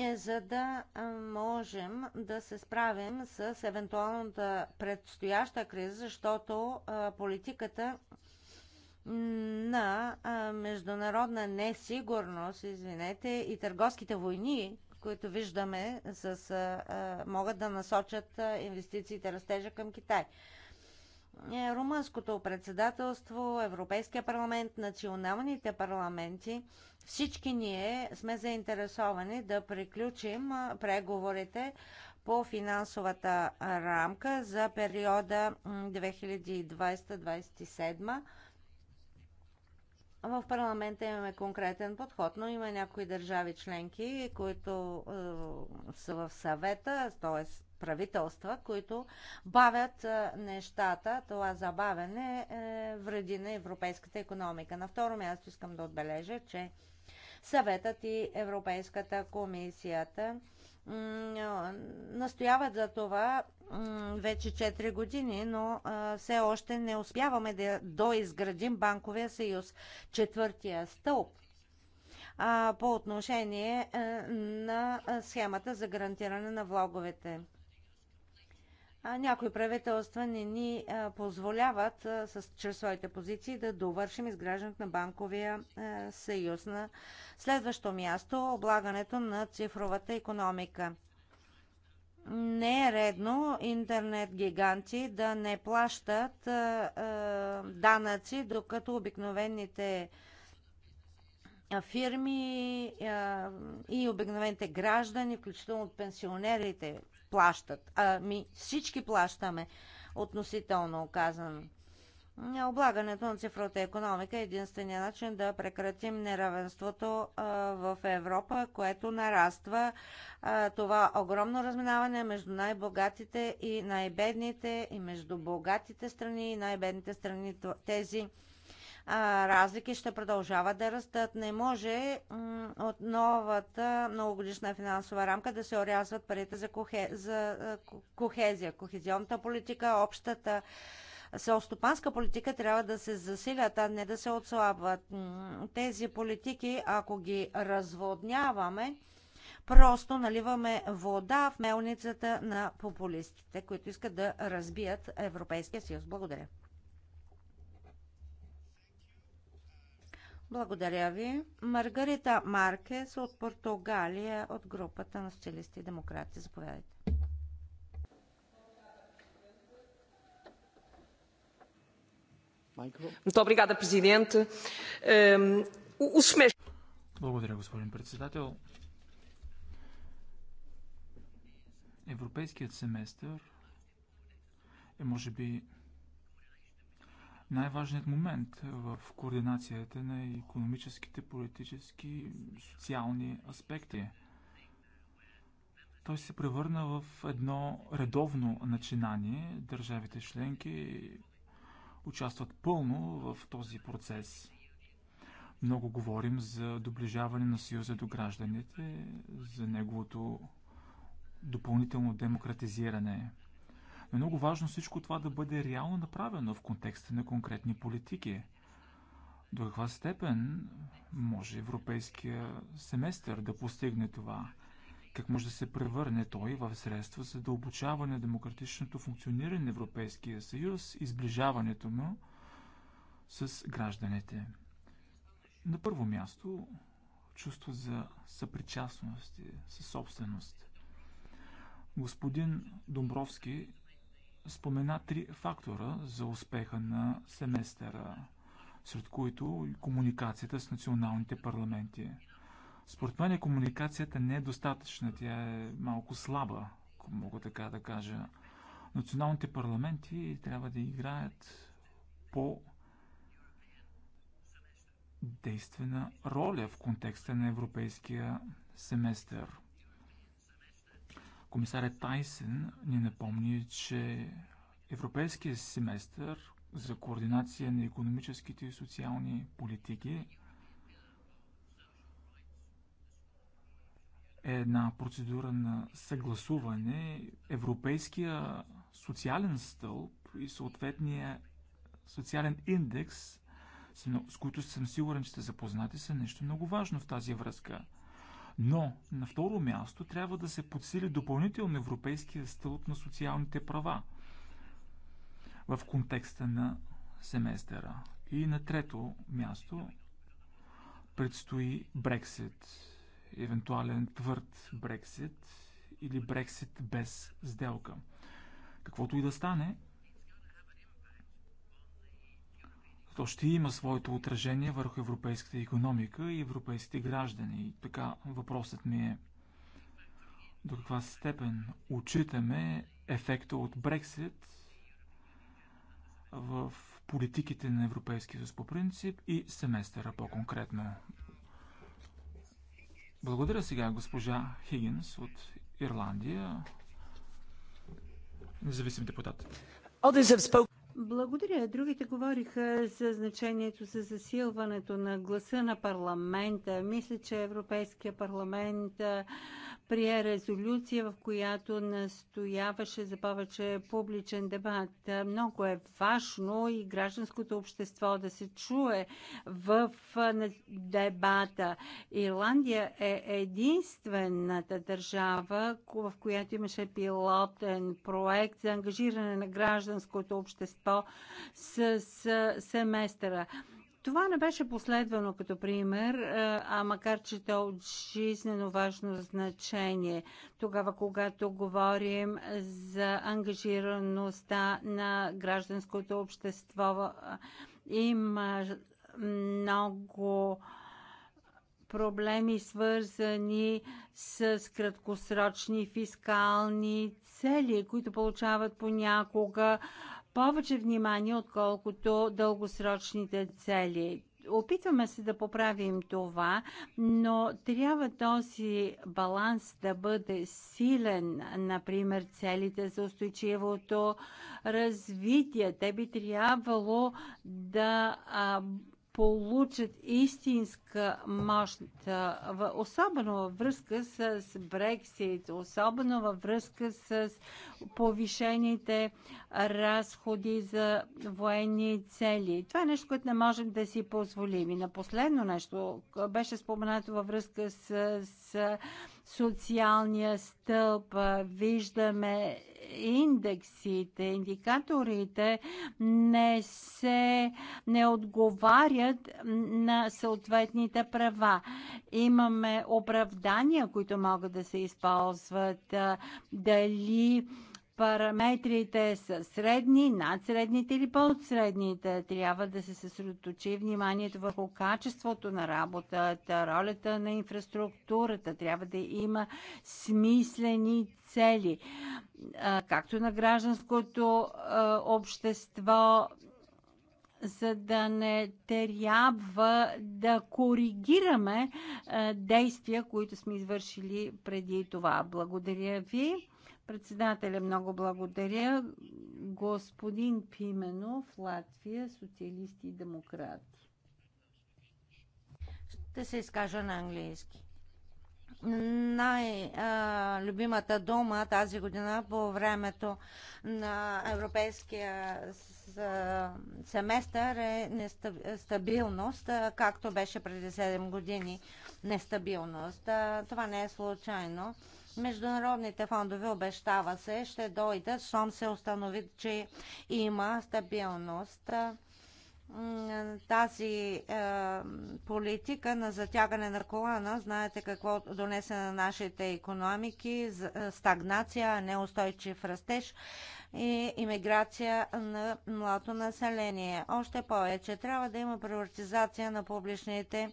е, за да можем да се справим с евентуалната предстояща криза, защото политиката на международна несигурност, извинете, и търговските войни които виждаме, с, а, могат да насочат инвестициите растежа към Китай. Е, румънското председателство, Европейския парламент, националните парламенти, всички ние сме заинтересовани да приключим преговорите по финансовата рамка за периода 2020-2027 в парламента имаме конкретен подход, но има някои държави членки, които е, са в съвета, т.е. правителства, които бавят е, нещата. Това забавене е, вреди на европейската економика. На второ място искам да отбележа, че съветът и Европейската комисията настояват за това вече 4 години, но все още не успяваме да доизградим банковия съюз. Четвъртия стълб по отношение е, на схемата за гарантиране на влоговете някои правителства не ни позволяват с, чрез своите позиции да довършим изграждането на банковия съюз. На следващо място облагането на цифровата економика. Не е редно интернет гиганти да не плащат данъци, докато обикновените фирми и обикновените граждани, включително пенсионерите, плащат. Ами всички плащаме, относително казано. Облагането на цифровата економика е единствения начин да прекратим неравенството в Европа, което нараства. Това огромно разминаване между най-богатите и най-бедните и между богатите страни и най-бедните страни. Тези разлики ще продължават да растат. Не може от новата многогодишна финансова рамка да се орязват парите за, кохе, за кохезия, кохезионната политика, общата селстопанска политика трябва да се засилят, а не да се отслабват. Тези политики, ако ги разводняваме, просто наливаме вода в мелницата на популистите, които искат да разбият Европейския съюз. Благодаря. Благодаря ви. Маргарита Маркес от Португалия от групата на социалисти и демократи. Заповядайте. Ehm, Благодаря, господин председател. Европейският семестър е, може би, най-важният момент в координацията на економическите, политически и социални аспекти. Той се превърна в едно редовно начинание. Държавите членки участват пълно в този процес. Много говорим за доближаване на Съюза до гражданите, за неговото допълнително демократизиране – но е много важно всичко това да бъде реално направено в контекста на конкретни политики. До каква степен може европейския семестър да постигне това? Как може да се превърне той в средство за дълбочаване на демократичното функциониране на Европейския съюз и сближаването му с гражданите? На първо място, чувство за съпричастност и със собственост. Господин Домбровски спомена три фактора за успеха на семестъра, сред които и комуникацията с националните парламенти. Според мен е, комуникацията не е достатъчна, тя е малко слаба, ако мога така да кажа. Националните парламенти трябва да играят по действена роля в контекста на европейския семестър. Комисарят Тайсен ни напомни, че Европейския семестър за координация на економическите и социални политики е една процедура на съгласуване. Европейския социален стълб и съответния социален индекс, с които съм сигурен, че сте запознати, са нещо много важно в тази връзка – но на второ място трябва да се подсили допълнително европейския стълб на социалните права в контекста на семестъра. И на трето място предстои Брексит, евентуален твърд Брексит или Брексит без сделка. Каквото и да стане, то ще има своето отражение върху европейската економика и европейските граждани. И така въпросът ми е до каква степен отчитаме ефекта от Брексит в политиките на Европейския съюз по принцип и семестъра по-конкретно. Благодаря сега госпожа Хигинс от Ирландия, независим депутат. Благодаря. Другите говориха за значението за засилването на гласа на парламента. Мисля, че Европейския парламент прие резолюция, в която настояваше за повече публичен дебат. Много е важно и гражданското общество да се чуе в дебата. Ирландия е единствената държава, в която имаше пилотен проект за ангажиране на гражданското общество с семестъра. Това не беше последвано като пример, е, а макар че то от жизнено важно значение. Тогава, когато говорим за ангажираността на гражданското общество, е, има много проблеми, свързани с краткосрочни фискални цели, които получават понякога повече внимание, отколкото дългосрочните цели. Опитваме се да поправим това, но трябва този баланс да бъде силен. Например, целите за устойчивото развитие. Те би трябвало да а, получат истинска мощ, особено във връзка с Брексит, особено във връзка с повишените разходи за военни цели. Това е нещо, което не можем да си позволим. И на последно нещо беше споменато във връзка с, с социалния стълб. Виждаме индексите, индикаторите не се не отговарят на съответните права. Имаме оправдания, които могат да се използват. Дали параметрите са средни, надсредните или подсредните. Трябва да се съсредоточи вниманието върху качеството на работата, ролята на инфраструктурата. Трябва да има смислени цели, както на гражданското общество, за да не трябва да коригираме действия, които сме извършили преди това. Благодаря ви. Председателя много благодаря. Господин Пименов, Латвия, социалисти и демократи. Ще се изкажа на английски. Най-любимата дума тази година по времето на европейския семестър е нестабилност, както беше преди 7 години нестабилност. Това не е случайно. Международните фондове обещава се, ще дойдат, щом се установи, че има стабилност тази е, политика на затягане на колана, знаете какво донесе на нашите економики, е, стагнация, неустойчив растеж и иммиграция на младото население. Още повече трябва да има приоритизация на публичните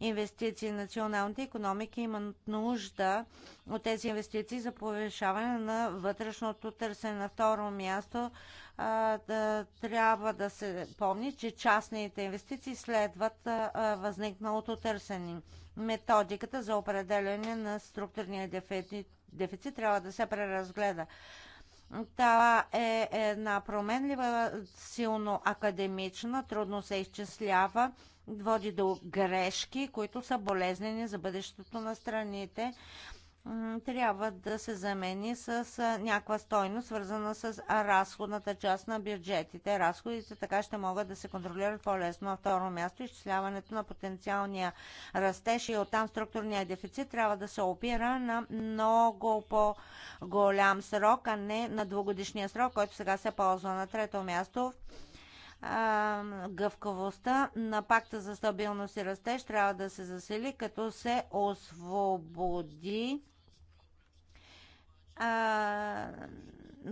инвестиции националните економики имат нужда от тези инвестиции за повишаване на вътрешното търсене. На второ място а, да, трябва да се помни, че частните инвестиции следват а, възникналото търсене. Методиката за определяне на структурния дефицит, дефицит трябва да се преразгледа. Това е една променлива, силно академична, трудно се изчислява води до грешки, които са болезнени за бъдещето на страните трябва да се замени с някаква стойност, свързана с разходната част на бюджетите. Разходите така ще могат да се контролират по-лесно. На второ място, изчисляването на потенциалния растеж и оттам структурния дефицит трябва да се опира на много по-голям срок, а не на двугодишния срок, който сега се ползва. На трето място, гъвкавостта на пакта за стабилност и растеж трябва да се засели, като се освободи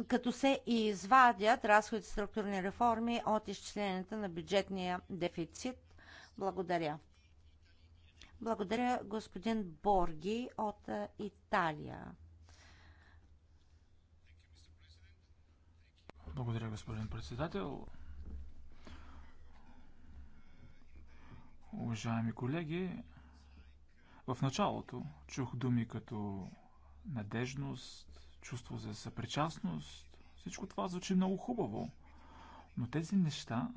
като се извадят разходите структурни реформи от изчисленията на бюджетния дефицит. Благодаря. Благодаря господин Борги от Италия. Благодаря господин председател. Уважаеми колеги, в началото чух думи като надежност, чувство за съпричастност. Всичко това звучи много хубаво, но тези неща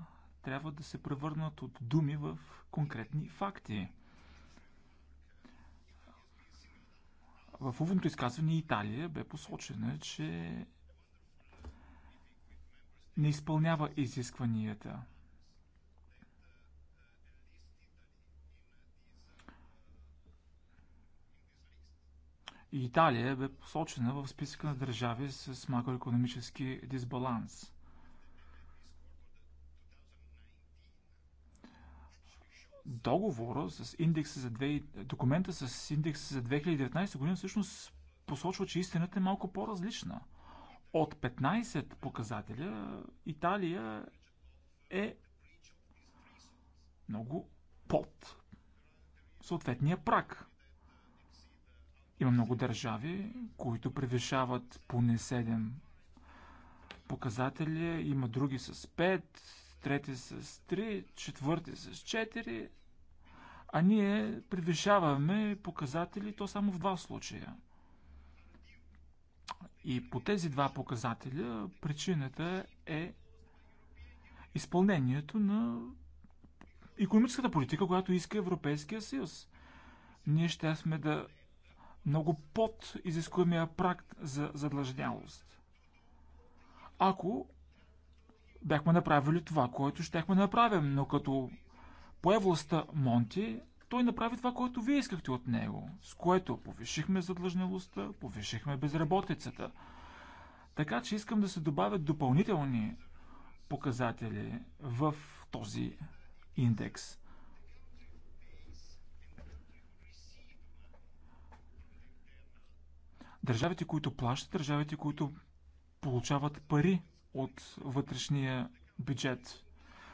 трябва да се превърнат от думи в конкретни факти. В увното изказване Италия бе посочена, че не изпълнява изискванията – И Италия бе посочена в списъка на държави с макроекономически дисбаланс. Договора с индекса за 2, документа с индекса за 2019 година всъщност посочва, че истината е малко по-различна. От 15 показателя Италия е много под съответния прак. Има много държави, които превишават поне 7 показатели, има други с 5, трети с 3, четвърти с 4, а ние превишаваме показатели то само в два случая. И по тези два показателя причината е изпълнението на економическата политика, която иска Европейския съюз. Ние ще сме да много под изискуемия праг за задлъжнялост. Ако бяхме направили това, което щехме да направим, но като пое властта Монти, той направи това, което вие искахте от него, с което повишихме задлъжнялостта, повишихме безработицата. Така че искам да се добавят допълнителни показатели в този индекс – държавите, които плащат, държавите, които получават пари от вътрешния бюджет.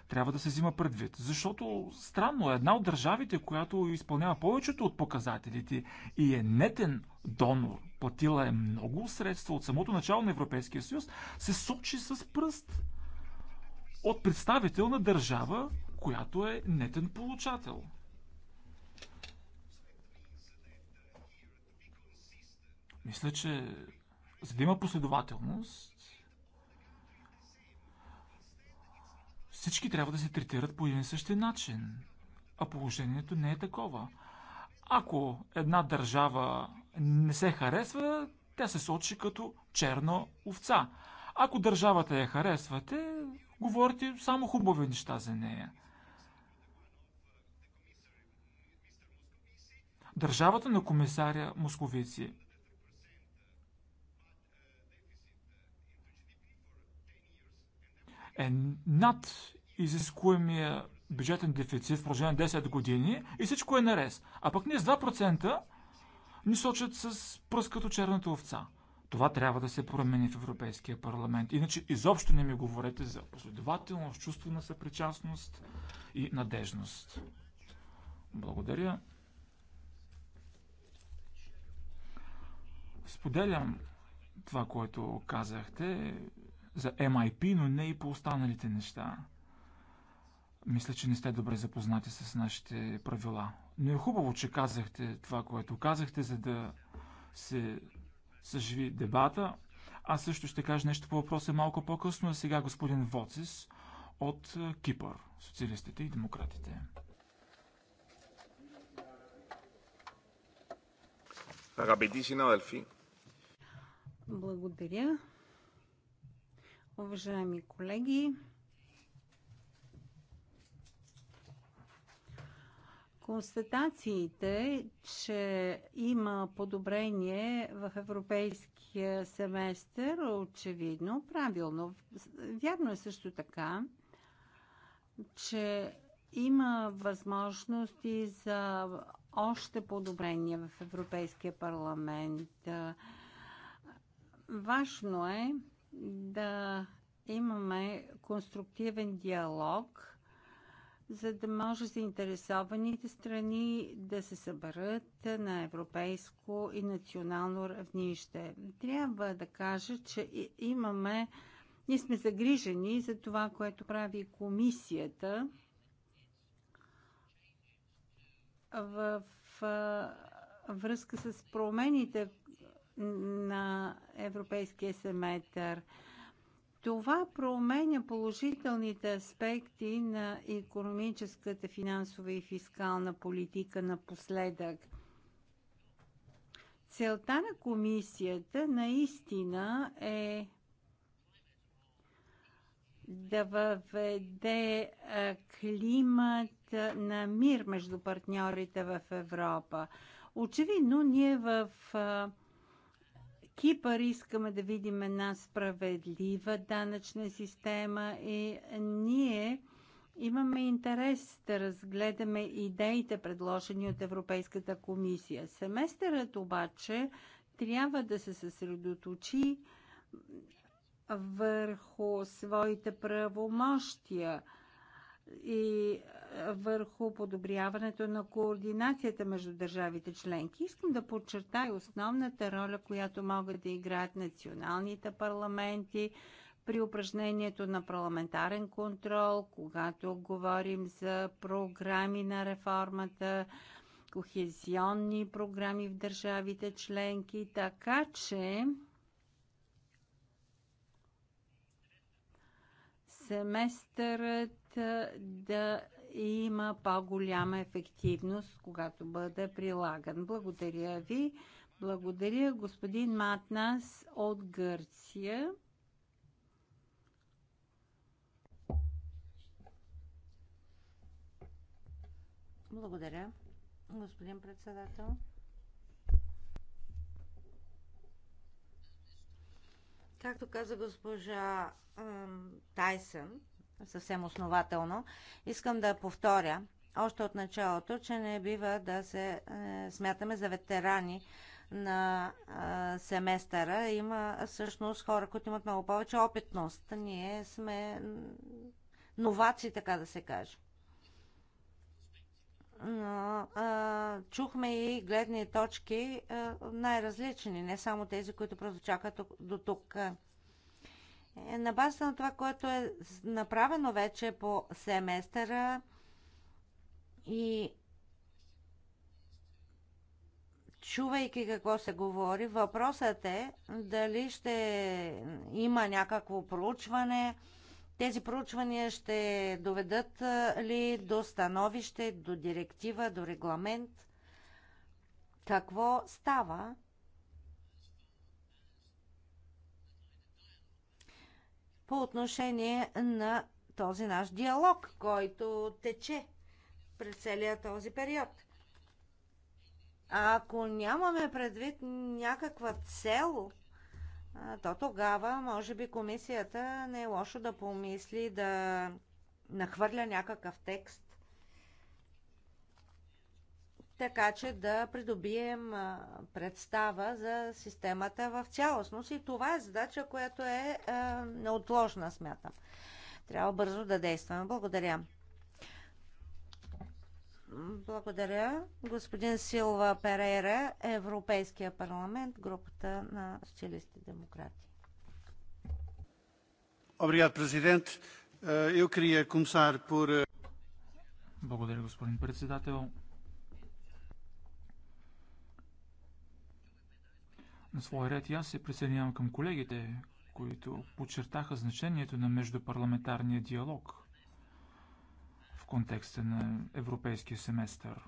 Трябва да се взима предвид, защото странно е една от държавите, която изпълнява повечето от показателите и е нетен донор, платила е много средства от самото начало на Европейския съюз, се сочи с пръст от представител на държава, която е нетен получател. Мисля, че за да има последователност, всички трябва да се третират по един и същи начин. А положението не е такова. Ако една държава не се харесва, тя се сочи като черна овца. Ако държавата я харесвате, говорите само хубави неща за нея. Държавата на комисаря Московици е над изискуемия бюджетен дефицит в продължение 10 години и всичко е нарез. А пък ние с 2% ни сочат с пръст като черната овца. Това трябва да се промени в Европейския парламент. Иначе изобщо не ми говорете за последователност, чувство на съпричастност и надежност. Благодаря. Споделям това, което казахте за MIP, но не и по останалите неща. Мисля, че не сте добре запознати с нашите правила. Но е хубаво, че казахте това, което казахте, за да се съживи дебата. Аз също ще кажа нещо по въпроса малко по-късно, а сега господин Воцис от Кипър, социалистите и демократите. Благодаря, Уважаеми колеги, констатациите, че има подобрение в европейския семестър, очевидно, правилно. Вярно е също така, че има възможности за още подобрение в Европейския парламент. Важно е да имаме конструктивен диалог, за да може заинтересованите страни да се съберат на европейско и национално равнище. Трябва да кажа, че имаме, ние сме загрижени за това, което прави комисията в връзка с промените на Европейския семетър. Това променя положителните аспекти на економическата, финансова и фискална политика напоследък. Целта на комисията наистина е да въведе климат на мир между партньорите в Европа. Очевидно, ние в Кипър искаме да видим една справедлива данъчна система и ние имаме интерес да разгледаме идеите, предложени от Европейската комисия. Семестърът обаче трябва да се съсредоточи върху своите правомощия – и върху подобряването на координацията между държавите членки. Искам да подчертая основната роля, която могат да играят националните парламенти при упражнението на парламентарен контрол, когато говорим за програми на реформата, кохезионни програми в държавите членки, така че семестърът да има по-голяма ефективност, когато бъде прилаган. Благодаря ви. Благодаря господин Матнас от Гърция. Благодаря, господин председател. Както каза госпожа Тайсън, съвсем основателно. Искам да повторя още от началото, че не бива да се е, смятаме за ветерани на е, семестъра. Има е, всъщност хора, които имат много повече опитност. Ние сме новаци, така да се каже. Но а, е, чухме и гледни точки е, най-различни, не само тези, които прозвучаха до тук. Е, на база на това, което е направено вече по семестъра и чувайки какво се говори, въпросът е дали ще има някакво проучване, тези проучвания ще доведат ли до становище, до директива, до регламент? Какво става по отношение на този наш диалог, който тече през целия този период. А ако нямаме предвид някаква цел, то тогава може би комисията не е лошо да помисли да нахвърля някакъв текст така че да придобием представа за системата в цялостност. И това е задача, която е неотложна, смятам. Трябва бързо да действаме. Благодаря. Благодаря. Господин Силва Перейра, Европейския парламент, групата на социалисти демократи. Obrigado, президент. Eh, eu queria começar por. Eh, Благодаря, господин председател. На своя ред и аз се присъединявам към колегите, които подчертаха значението на междупарламентарния диалог в контекста на европейския семестър.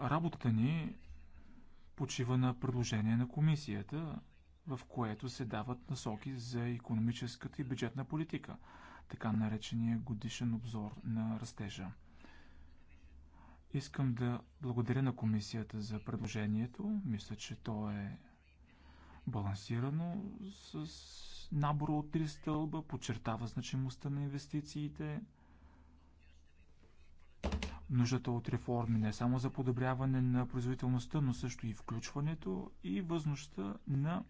Работата ни почива на предложение на комисията, в което се дават насоки за економическата и бюджетна политика, така наречения годишен обзор на растежа. Искам да благодаря на комисията за предложението. Мисля, че то е балансирано с набор от три стълба, подчертава значимостта на инвестициите, нуждата от реформи не само за подобряване на производителността, но също и включването и възможността на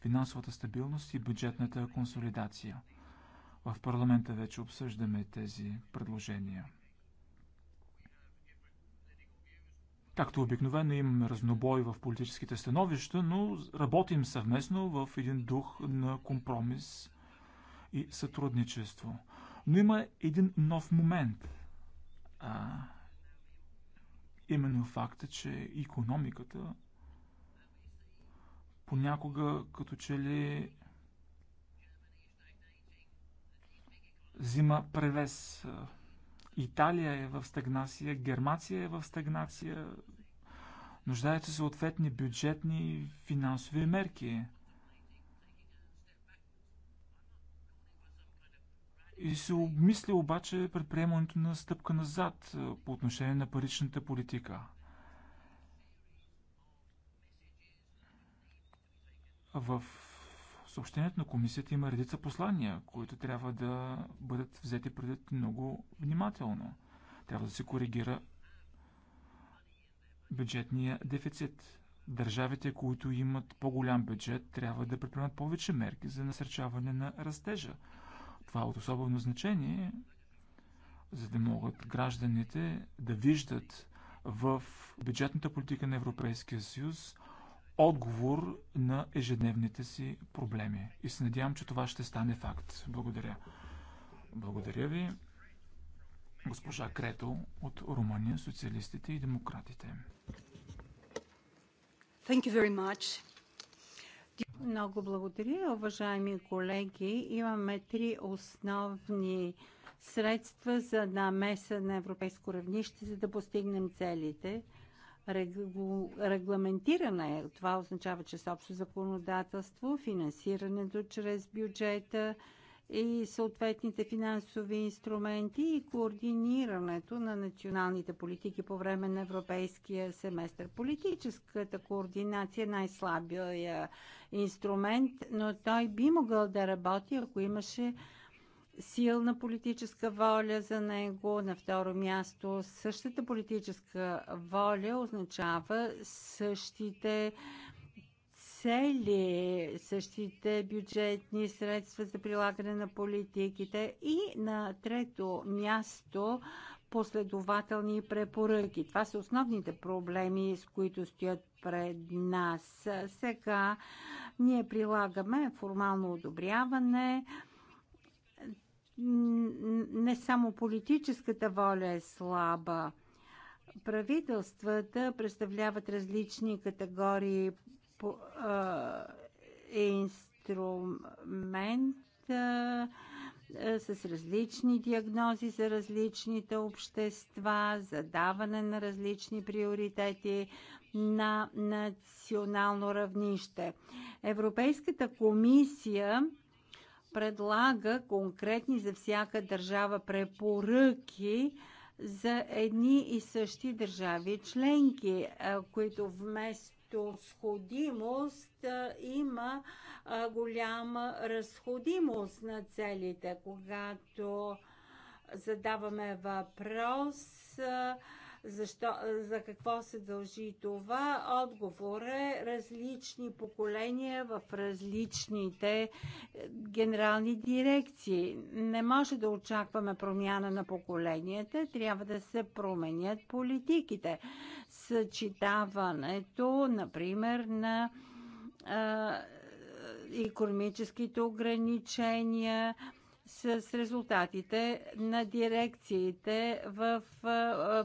финансовата стабилност и бюджетната консолидация. В парламента вече обсъждаме тези предложения. Както обикновено имаме разнобой в политическите становища, но работим съвместно в един дух на компромис и сътрудничество. Но има един нов момент. А, именно факта, че економиката понякога като че ли взима превес Италия е в стагнация, Гермация е в стагнация. Нуждаете се съответни бюджетни и финансови мерки. И се обмисля обаче предприемането на стъпка назад по отношение на паричната политика. В съобщението на комисията има редица послания, които трябва да бъдат взети предвид много внимателно. Трябва да се коригира бюджетния дефицит. Държавите, които имат по-голям бюджет, трябва да предприемат повече мерки за насърчаване на растежа. Това е от особено значение, за да могат гражданите да виждат в бюджетната политика на Европейския съюз отговор на ежедневните си проблеми. И се надявам, че това ще стане факт. Благодаря. Благодаря ви, госпожа Крето от Румъния, социалистите и демократите. Thank you very much. Много благодаря, уважаеми колеги. Имаме три основни средства за намеса на европейско равнище, за да постигнем целите – регламентирана е. Това означава, че с общо законодателство, финансирането чрез бюджета и съответните финансови инструменти и координирането на националните политики по време на европейския семестър. Политическата координация е най-слабия инструмент, но той би могъл да работи, ако имаше силна политическа воля за него. На второ място, същата политическа воля означава същите цели, същите бюджетни средства за прилагане на политиките и на трето място последователни препоръки. Това са основните проблеми, с които стоят пред нас. Сега ние прилагаме формално одобряване, не само политическата воля е слаба. Правителствата представляват различни категории по, а, е инструмент а, с различни диагнози за различните общества, за даване на различни приоритети на национално равнище. Европейската комисия предлага конкретни за всяка държава препоръки за едни и същи държави членки, е, които вместо сходимост е, има е, голяма разходимост на целите. Когато задаваме въпрос, защо, за какво се дължи това? Отговор е различни поколения в различните е, генерални дирекции. Не може да очакваме промяна на поколенията, трябва да се променят политиките. Съчетаването, например, на економическите е, ограничения, с резултатите на дирекциите в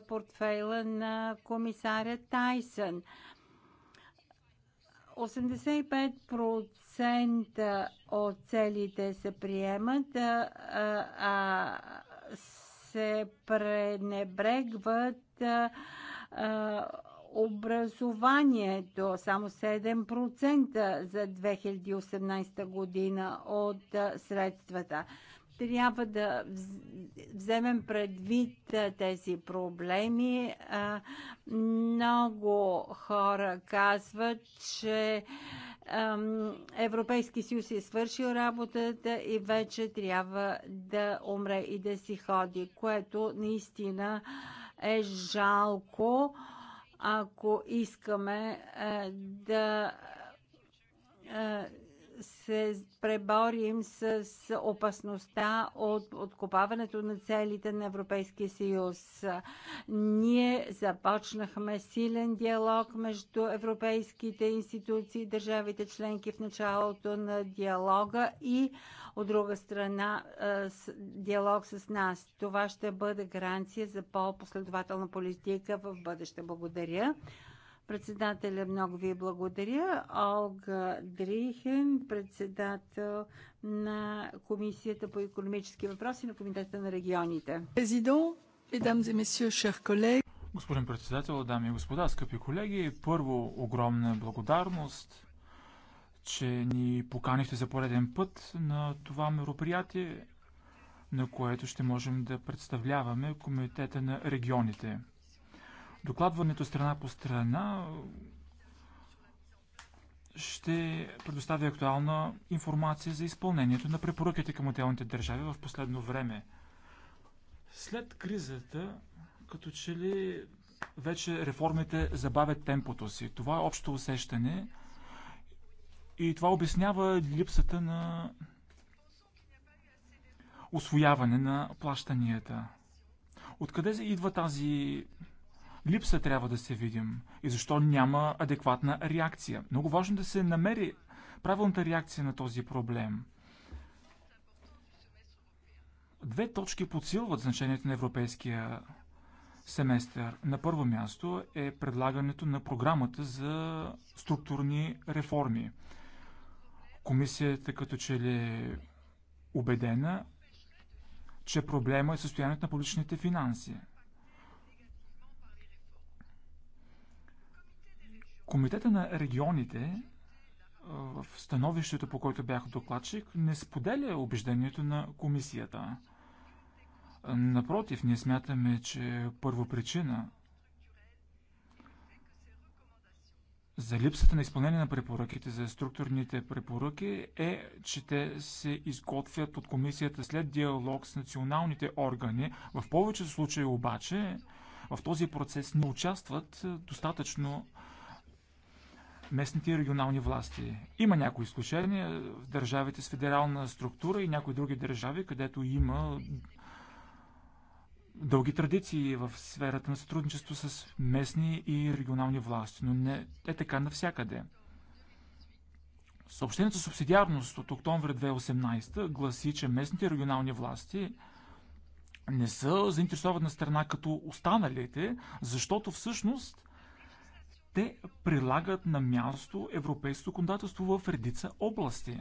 портфейла на комисаря Тайсън. 85% от целите се приемат, а, се пренебрегват образованието само 7% за 2018 година от средствата трябва да вземем предвид тези проблеми. Много хора казват, че Европейски съюз е свършил работата и вече трябва да умре и да си ходи, което наистина е жалко, ако искаме да се преборим с опасността от откопаването на целите на Европейския съюз. Ние започнахме силен диалог между европейските институции държавите членки в началото на диалога и от друга страна диалог с нас. Това ще бъде гаранция за по-последователна политика в бъдеще. Благодаря. Председателя, много ви благодаря. Олга Дрихен, председател на Комисията по економически въпроси на Комитета на регионите. Президент, mesdames за messieurs, шеф collègues. Господин председател, дами и господа, скъпи колеги, първо огромна благодарност, че ни поканихте за пореден път на това мероприятие, на което ще можем да представляваме Комитета на регионите. Докладването страна по страна ще предостави актуална информация за изпълнението на препоръките към отделните държави в последно време. След кризата, като че ли вече реформите забавят темпото си. Това е общо усещане и това обяснява липсата на освояване на плащанията. Откъде идва тази липса трябва да се видим и защо няма адекватна реакция. Много важно да се намери правилната реакция на този проблем. Две точки подсилват значението на европейския семестър. На първо място е предлагането на програмата за структурни реформи. Комисията като че ли е убедена, че проблема е състоянието на публичните финанси. Комитета на регионите в становището, по който бях докладчик, не споделя убеждението на комисията. Напротив, ние смятаме, че първопричина за липсата на изпълнение на препоръките, за структурните препоръки е, че те се изготвят от комисията след диалог с националните органи. В повечето случаи обаче в този процес не участват достатъчно местните и регионални власти. Има някои изключения в държавите с федерална структура и някои други държави, където има дълги традиции в сферата на сътрудничество с местни и регионални власти, но не е така навсякъде. Съобщението субсидиарност от октомври 2018 гласи, че местните и регионални власти не са заинтересована страна като останалите, защото всъщност те прилагат на място европейското законодателство в редица области.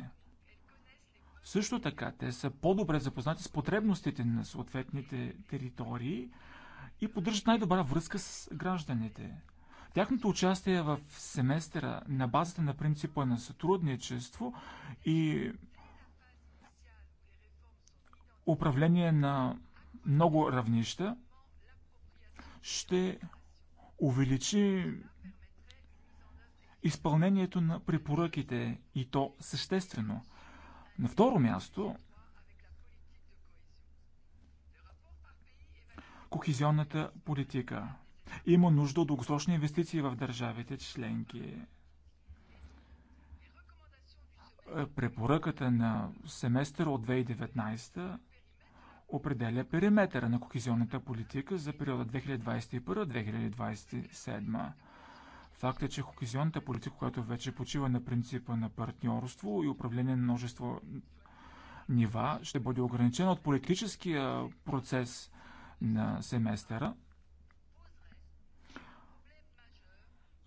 Също така, те са по-добре запознати с потребностите на съответните територии и поддържат най-добра връзка с гражданите. Тяхното участие в семестъра на базата на принципа на сътрудничество и управление на много равнища ще увеличи изпълнението на препоръките и то съществено. На второ място, кохезионната политика. Има нужда от дългосрочни инвестиции в държавите членки. Препоръката на семестър от 2019 определя периметъра на кохезионната политика за периода 2021-2027. Факт е, че хокезионната политика, която вече почива на принципа на партньорство и управление на множество нива, ще бъде ограничена от политическия процес на семестъра,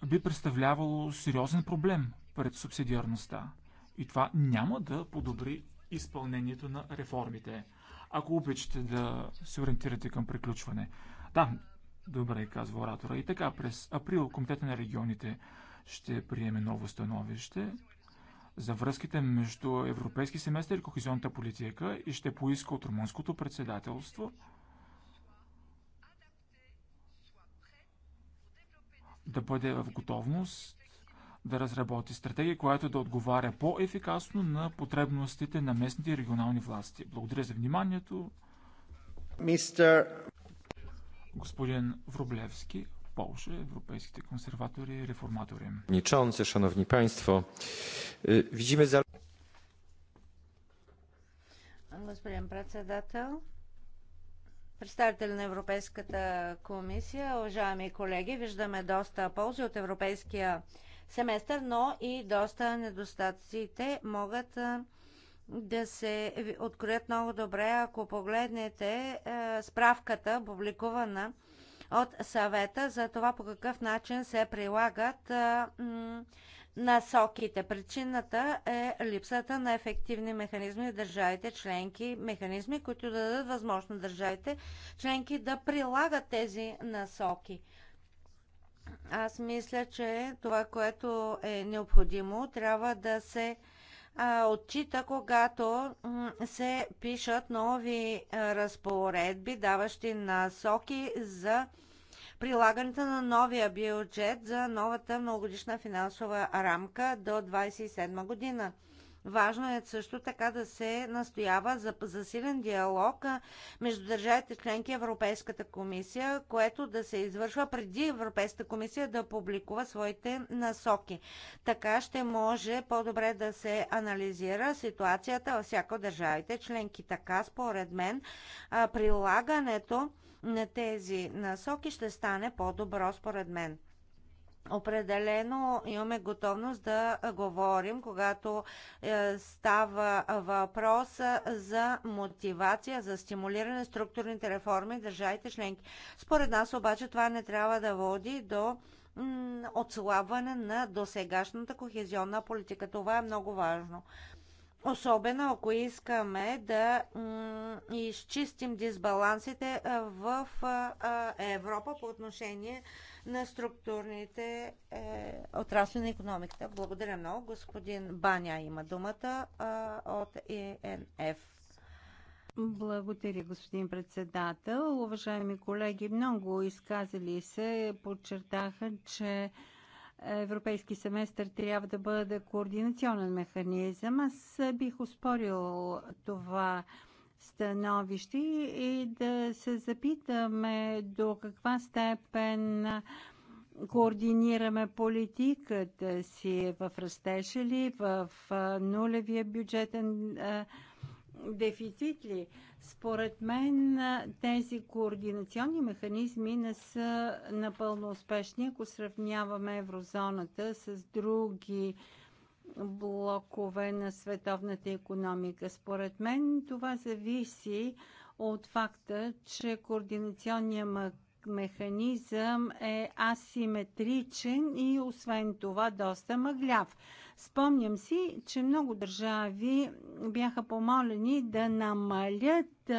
би представлявало сериозен проблем пред субсидиарността. И това няма да подобри изпълнението на реформите. Ако обичате да се ориентирате към приключване. Да, Добре, казва оратора. И така, през април Комитета на регионите ще приеме ново становище за връзките между Европейски семестър и кохезионната политика и ще поиска от румънското председателство да бъде в готовност да разработи стратегия, която да отговаря по-ефикасно на потребностите на местните и регионални власти. Благодаря за вниманието. Мистер Господин Врублевски, Полша, Европейските консерватори и реформатори. Ничонце, шановни państwo, видиме за... Господин председател, представител на Европейската комисия, уважаеми колеги, виждаме доста ползи от европейския семестър, но и доста недостатъците могат да се откроят много добре, ако погледнете е, справката, публикувана от съвета за това по какъв начин се прилагат е, насоките. Причината е липсата на ефективни механизми в държавите членки, механизми, които да дадат възможност на държавите членки да прилагат тези насоки. Аз мисля, че това, което е необходимо, трябва да се отчита, когато се пишат нови разпоредби, даващи насоки за прилагането на новия бюджет за новата многогодишна финансова рамка до 2027 година. Важно е също така да се настоява за засилен диалог между държавите членки и Европейската комисия, което да се извършва преди Европейската комисия да публикува своите насоки. Така ще може по-добре да се анализира ситуацията във всяко държавите членки. Така, според мен, прилагането на тези насоки ще стане по-добро, според мен. Определено имаме готовност да говорим, когато е, става въпрос за мотивация, за стимулиране на структурните реформи в държавите членки. Според нас обаче това не трябва да води до отслабване на досегашната кохезионна политика. Това е много важно. Особено ако искаме да изчистим дисбалансите в Европа по отношение на структурните е, отрасли на економиката. Благодаря много. Господин Баня има думата а, от е ЕНФ. Благодаря, господин председател. Уважаеми колеги, много изказали се, подчертаха, че Европейски семестър трябва да бъде координационен механизъм. Аз бих успорил това становище и да се запитаме до каква степен координираме политиката си в растежа ли, в нулевия бюджетен дефицит ли. Според мен тези координационни механизми не са напълно успешни, ако сравняваме еврозоната с други блокове на световната економика. Според мен това зависи от факта, че координационният механизъм е асиметричен и освен това доста мъгляв. Спомням си, че много държави бяха помолени да намалят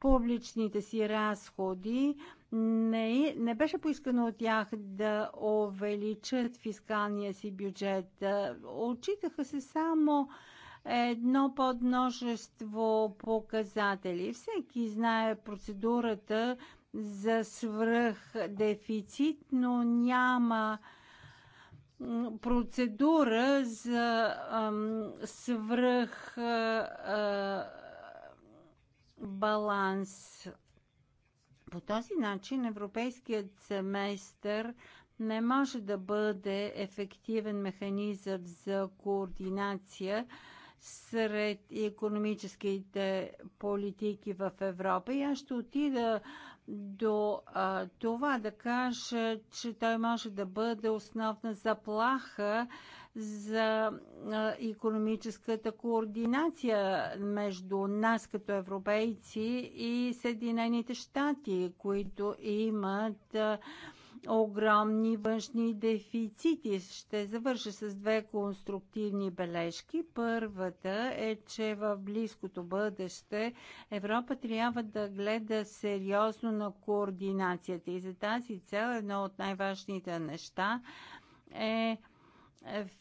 публичните си разходи не, не беше поискано от тях да увеличат фискалния си бюджет. Отчитаха се само едно подмножество показатели. Всеки знае процедурата за свръхдефицит, но няма процедура за ам, свръх а, а, баланс. По този начин европейският семестър не може да бъде ефективен механизъм за координация сред економическите политики в Европа. И аз ще отида до а, това да кажа, че той може да бъде основна заплаха за економическата координация между нас като европейци и Съединените щати, които имат огромни външни дефицити. Ще завърша с две конструктивни бележки. Първата е, че в близкото бъдеще Европа трябва да гледа сериозно на координацията и за тази цел едно от най-важните неща е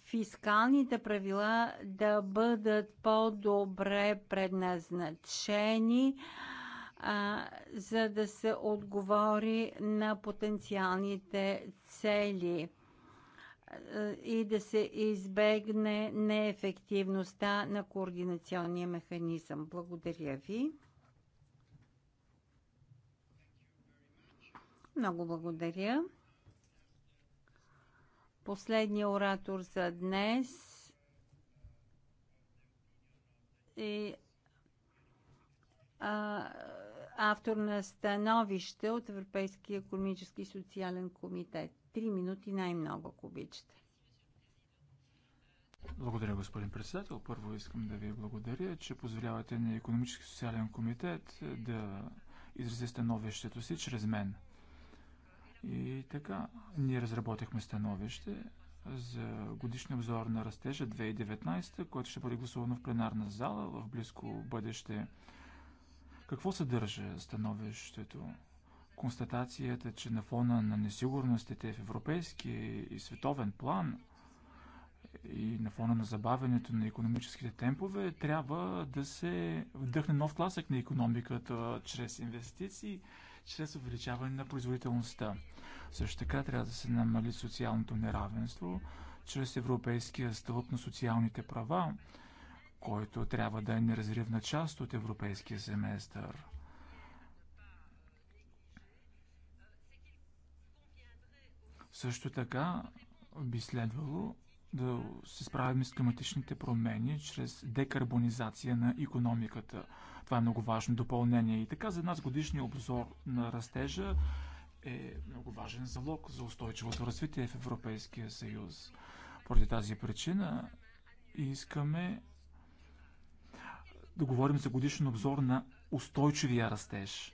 фискалните правила да бъдат по-добре предназначени, а, за да се отговори на потенциалните цели и да се избегне неефективността на координационния механизъм. Благодаря ви. Много благодаря последния оратор за днес и е, а, автор на становище от Европейския економически и социален комитет. Три минути най-много, ако обичате. Благодаря, господин председател. Първо искам да ви благодаря, че позволявате на Економически и социален комитет да изрази становището си чрез мен. И така, ние разработихме становище за годишния обзор на растежа 2019, който ще бъде гласувано в пленарна зала в близко бъдеще. Какво съдържа становището? Констатацията, че на фона на несигурностите в европейски и световен план и на фона на забавянето на економическите темпове, трябва да се вдъхне нов класък на економиката чрез инвестиции – чрез увеличаване на производителността. Също така трябва да се намали социалното неравенство чрез Европейския стълб на социалните права, който трябва да е неразривна част от Европейския семестър. Също така би следвало да се справим с климатичните промени чрез декарбонизация на економиката. Това е много важно допълнение. И така за нас годишния обзор на растежа е много важен залог за устойчивото развитие в Европейския съюз. Поради тази причина искаме да говорим за годишен обзор на устойчивия растеж.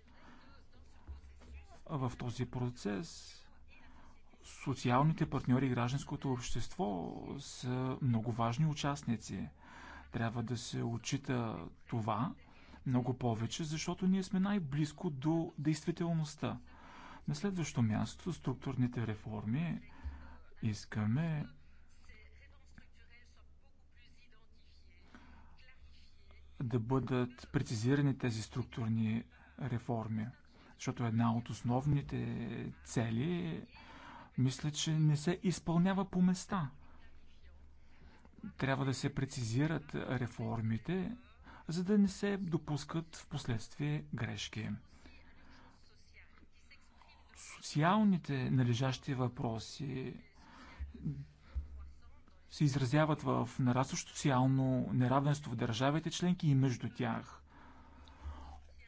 В този процес Социалните партньори и гражданското общество са много важни участници. Трябва да се отчита това много повече, защото ние сме най-близко до действителността. На следващо място, структурните реформи искаме да бъдат прецизирани тези структурни реформи. Защото една от основните цели е мисля, че не се изпълнява по места. Трябва да се прецизират реформите, за да не се допускат в последствие грешки. Социалните належащи въпроси се изразяват в нарастващо социално неравенство в държавите членки и между тях.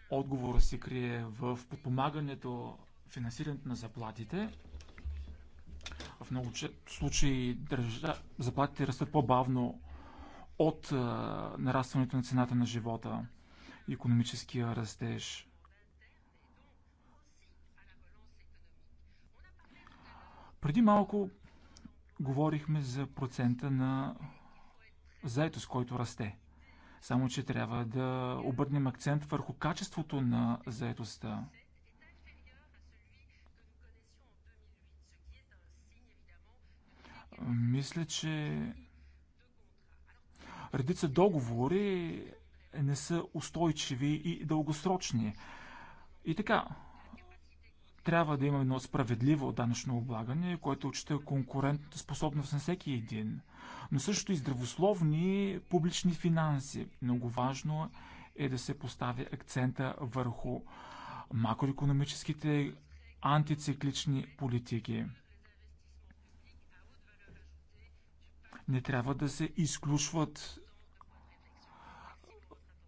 Отговорът се крие в подпомагането, финансирането на заплатите – в много случаи държа... заплатите растат по-бавно от нарастването на цената на живота и економическия растеж. Преди малко говорихме за процента на заетост, който расте. Само, че трябва да обърнем акцент върху качеството на заетостта. Мисля, че редица договори не са устойчиви и дългосрочни. И така, трябва да имаме едно справедливо данъчно облагане, което отчита конкурентната способност на всеки един, но също и здравословни публични финанси. Много важно е да се постави акцента върху макроекономическите антициклични политики. Не трябва да се изключват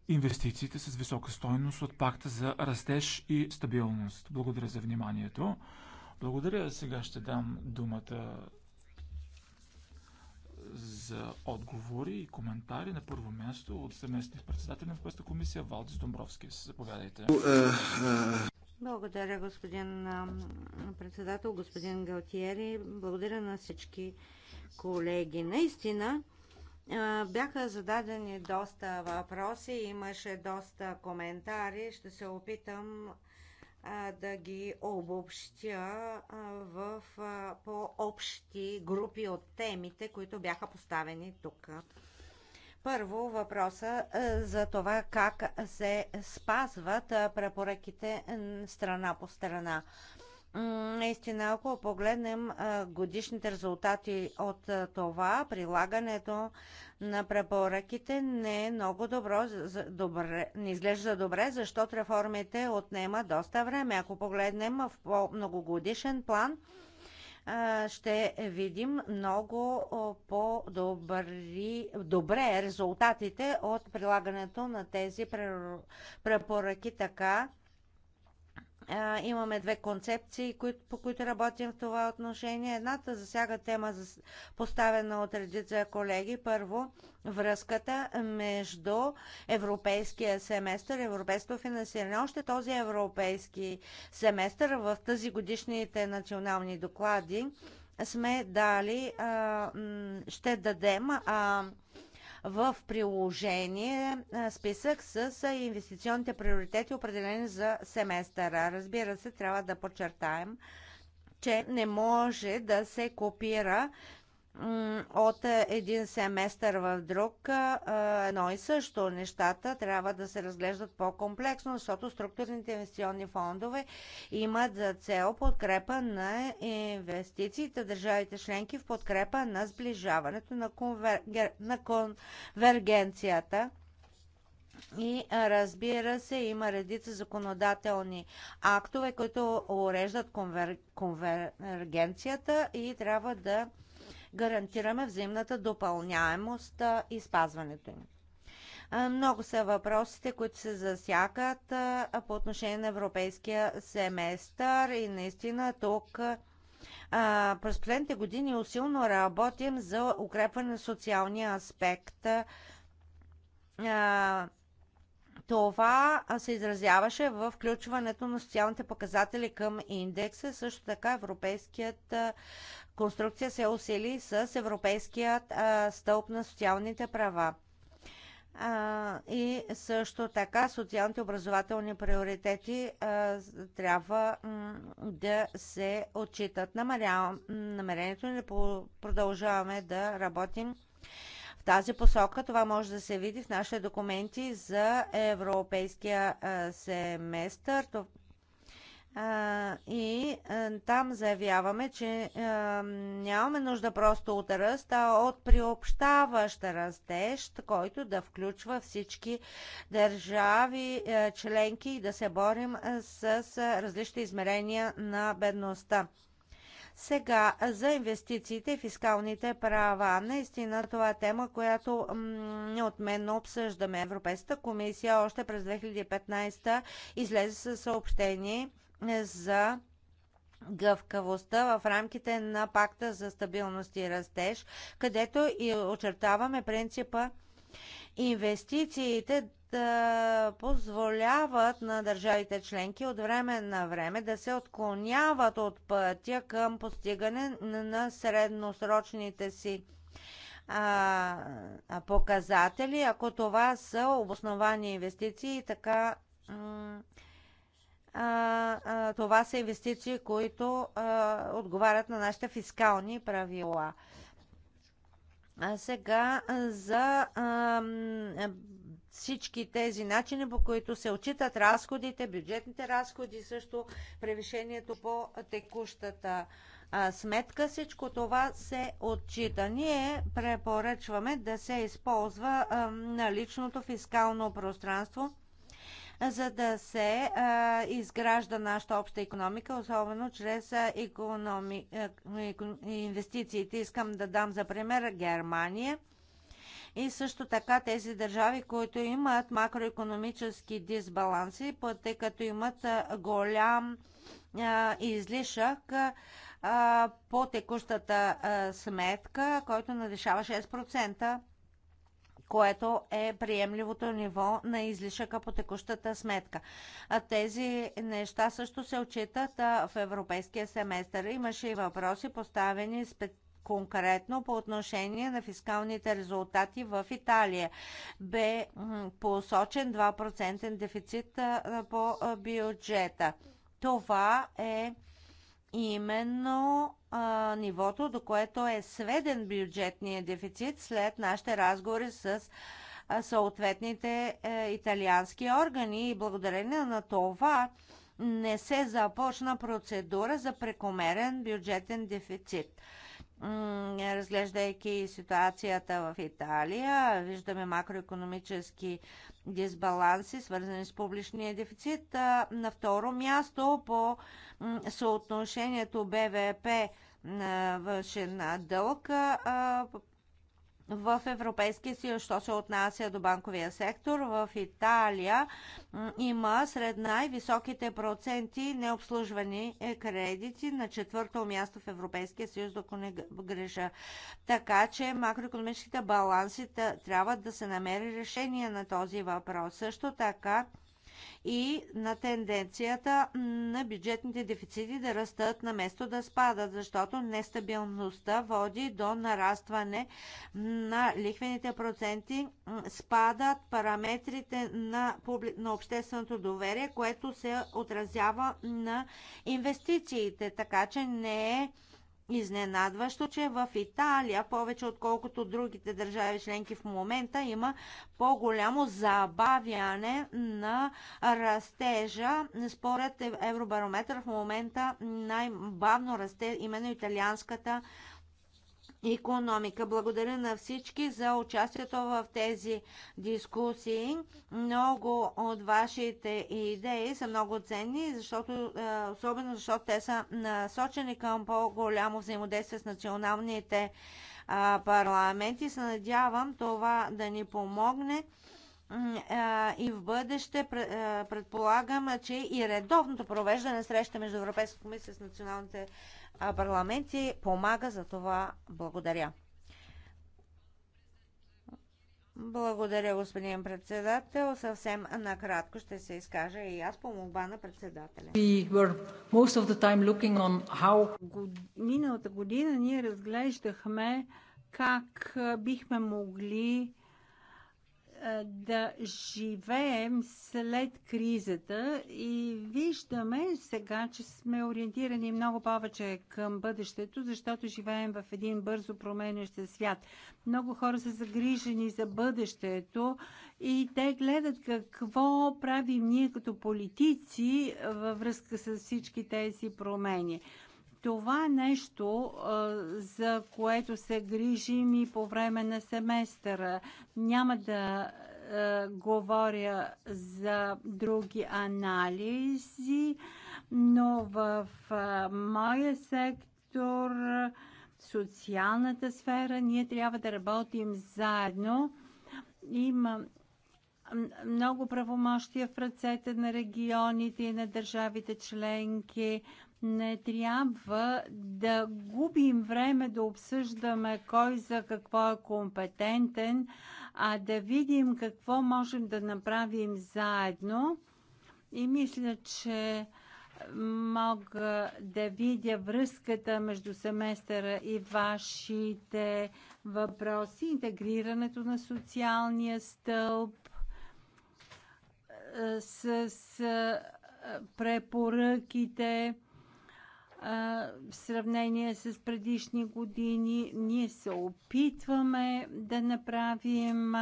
инвестициите с висока стойност от пакта за растеж и стабилност. Благодаря за вниманието. Благодаря. Сега ще дам думата за отговори и коментари на първо място от съместния председател на Европейската комисия Валдис Домбровски. Заповядайте. Благодаря, господин председател, господин Галтиери. Благодаря на всички колеги. Наистина бяха зададени доста въпроси, имаше доста коментари. Ще се опитам да ги обобщя в по-общи групи от темите, които бяха поставени тук. Първо въпроса за това как се спазват препоръките страна по страна. Наистина, ако погледнем годишните резултати от това, прилагането на препоръките не е много добро, добре, не изглежда добре, защото реформите отнема доста време. Ако погледнем в по-многогодишен план, ще видим много по-добри добре резултатите от прилагането на тези препоръки така, а, имаме две концепции, по които работим в това отношение. Едната засяга тема, поставена от редица колеги. Първо, връзката между европейския семестър, европейско финансиране. Още този европейски семестър в тази годишните национални доклади сме дали, а, ще дадем а, в приложение списък с инвестиционните приоритети, определени за семестъра. Разбира се, трябва да подчертаем, че не може да се копира от е, един семестър в друг е, едно и също. Нещата трябва да се разглеждат по-комплексно, защото структурните инвестиционни фондове имат за цел подкрепа на инвестициите в държавите членки в подкрепа на сближаването на, конвергер... на конвергенцията. И е, разбира се, има редица законодателни актове, които уреждат конвер... конвергенцията и трябва да гарантираме взаимната допълняемост и спазването им. Много са въпросите, които се засякат по отношение на европейския семестър и наистина тук през последните години усилно работим за укрепване на социалния аспект това се изразяваше в включването на социалните показатели към индекса. Също така европейският конструкция се усили с европейският стълб на социалните права. и също така социалните образователни приоритети трябва да се отчитат. намерението ни да продължаваме да работим в тази посока това може да се види в нашите документи за европейския семестър. И там заявяваме, че нямаме нужда просто от ръст, а от приобщаващ растеж, който да включва всички държави членки и да се борим с различни измерения на бедността. Сега за инвестициите и фискалните права. Наистина това е тема, която неотменно обсъждаме. Европейската комисия още през 2015 излезе със съобщение е, за гъвкавостта в рамките на пакта за стабилност и растеж, където и очертаваме принципа инвестициите да позволяват на държавите членки от време на време да се отклоняват от пътя към постигане на средносрочните си а, показатели, ако това са обосновани инвестиции, така а, а, това са инвестиции, които а, отговарят на нашите фискални правила. А сега за а, всички тези начини, по които се отчитат разходите, бюджетните разходи, също превишението по текущата сметка, всичко това се отчита. Ние препоръчваме да се използва наличното фискално пространство за да се а, изгражда нашата обща економика, особено чрез економи... инвестициите. Искам да дам за пример Германия и също така тези държави, които имат макроекономически дисбаланси, тъй като имат голям а, излишък а, по текущата а, сметка, който надешава 6% което е приемливото ниво на излишъка по текущата сметка. А тези неща също се отчитат в европейския семестър. Имаше и въпроси поставени специално конкретно по отношение на фискалните резултати в Италия. Бе посочен 2% дефицит по бюджета. Това е именно а, нивото, до което е сведен бюджетния дефицит след нашите разговори с а, съответните а, е, италиански органи. И благодарение на това не се започна процедура за прекомерен бюджетен дефицит разглеждайки ситуацията в Италия, виждаме макроекономически дисбаланси, свързани с публичния дефицит. На второ място по съотношението БВП на външен дълг в Европейския съюз, що се отнася до банковия сектор. В Италия има сред най-високите проценти необслужвани е, кредити на четвърто място в Европейския съюз, ако не греша. Така че макроекономическите баланси трябва да се намери решение на този въпрос. Също така и на тенденцията на бюджетните дефицити да растат на место да спадат, защото нестабилността води до нарастване на лихвените проценти, спадат параметрите на, публи... на общественото доверие, което се отразява на инвестициите, така че не е Изненадващо, че в Италия, повече отколкото другите държави членки в момента, има по-голямо забавяне на растежа. Според Евробарометър в момента най-бавно расте именно италианската економика. Благодаря на всички за участието в тези дискусии. Много от вашите идеи са много ценни, защото, е, особено защото те са насочени към по-голямо взаимодействие с националните парламенти. Се надявам това да ни помогне и в бъдеще предполагам, че и редовното провеждане среща между Европейската комисия с националните парламенти помага за това. Благодаря. Благодаря, господин председател. Съвсем накратко ще се изкажа и аз по молба на председателя. How... Миналата година ние разглеждахме как бихме могли да живеем след кризата и виждаме сега, че сме ориентирани много повече към бъдещето, защото живеем в един бързо променящ се свят. Много хора са загрижени за бъдещето и те гледат какво правим ние като политици във връзка с всички тези промени. Това е нещо, за което се грижим и по време на семестъра, няма да говоря за други анализи, но в моя сектор, социалната сфера, ние трябва да работим заедно. Има много правомощия в ръцете на регионите и на държавите членки не трябва да губим време да обсъждаме кой за какво е компетентен, а да видим какво можем да направим заедно. И мисля, че мога да видя връзката между семестъра и вашите въпроси, интегрирането на социалния стълб е, с е, препоръките в сравнение с предишни години. Ние се опитваме да направим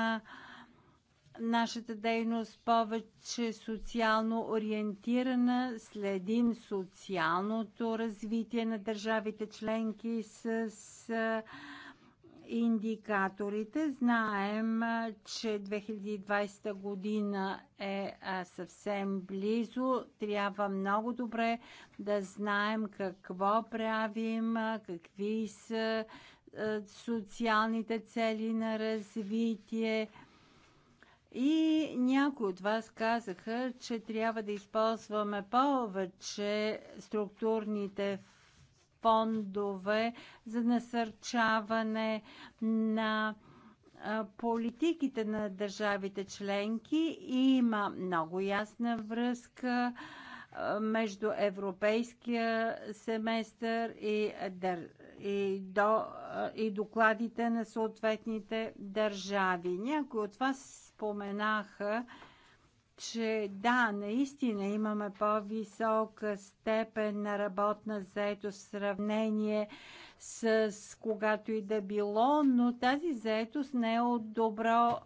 нашата дейност повече социално ориентирана, следим социалното развитие на държавите членки с индикаторите. Знаем, че 2020 година е съвсем близо. Трябва много добре да знаем какво правим, какви са социалните цели на развитие. И някои от вас казаха, че трябва да използваме повече структурните фондове за насърчаване на политиките на държавите членки и има много ясна връзка между европейския семестър и, дър... и, до... и докладите на съответните държави. Някои от вас споменаха че да, наистина имаме по-висока степен на работна заетост в сравнение с когато и да било, но тази заетост не е от добро,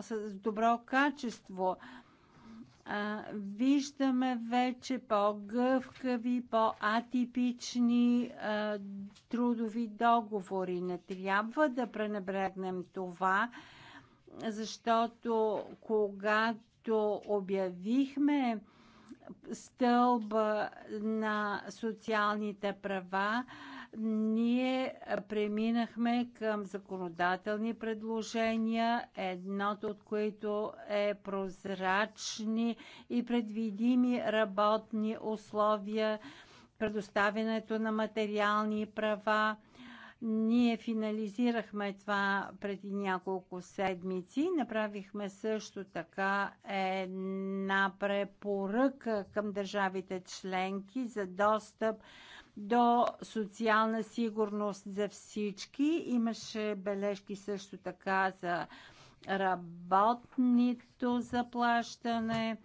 с добро качество. А, виждаме вече по-гъвкави, по-атипични трудови договори. Не трябва да пренебрегнем това защото когато като обявихме стълба на социалните права, ние преминахме към законодателни предложения, едното от които е прозрачни и предвидими работни условия, предоставянето на материални права, ние финализирахме това преди няколко седмици. Направихме също така една препоръка към държавите членки за достъп до социална сигурност за всички. Имаше бележки също така за работнито заплащане.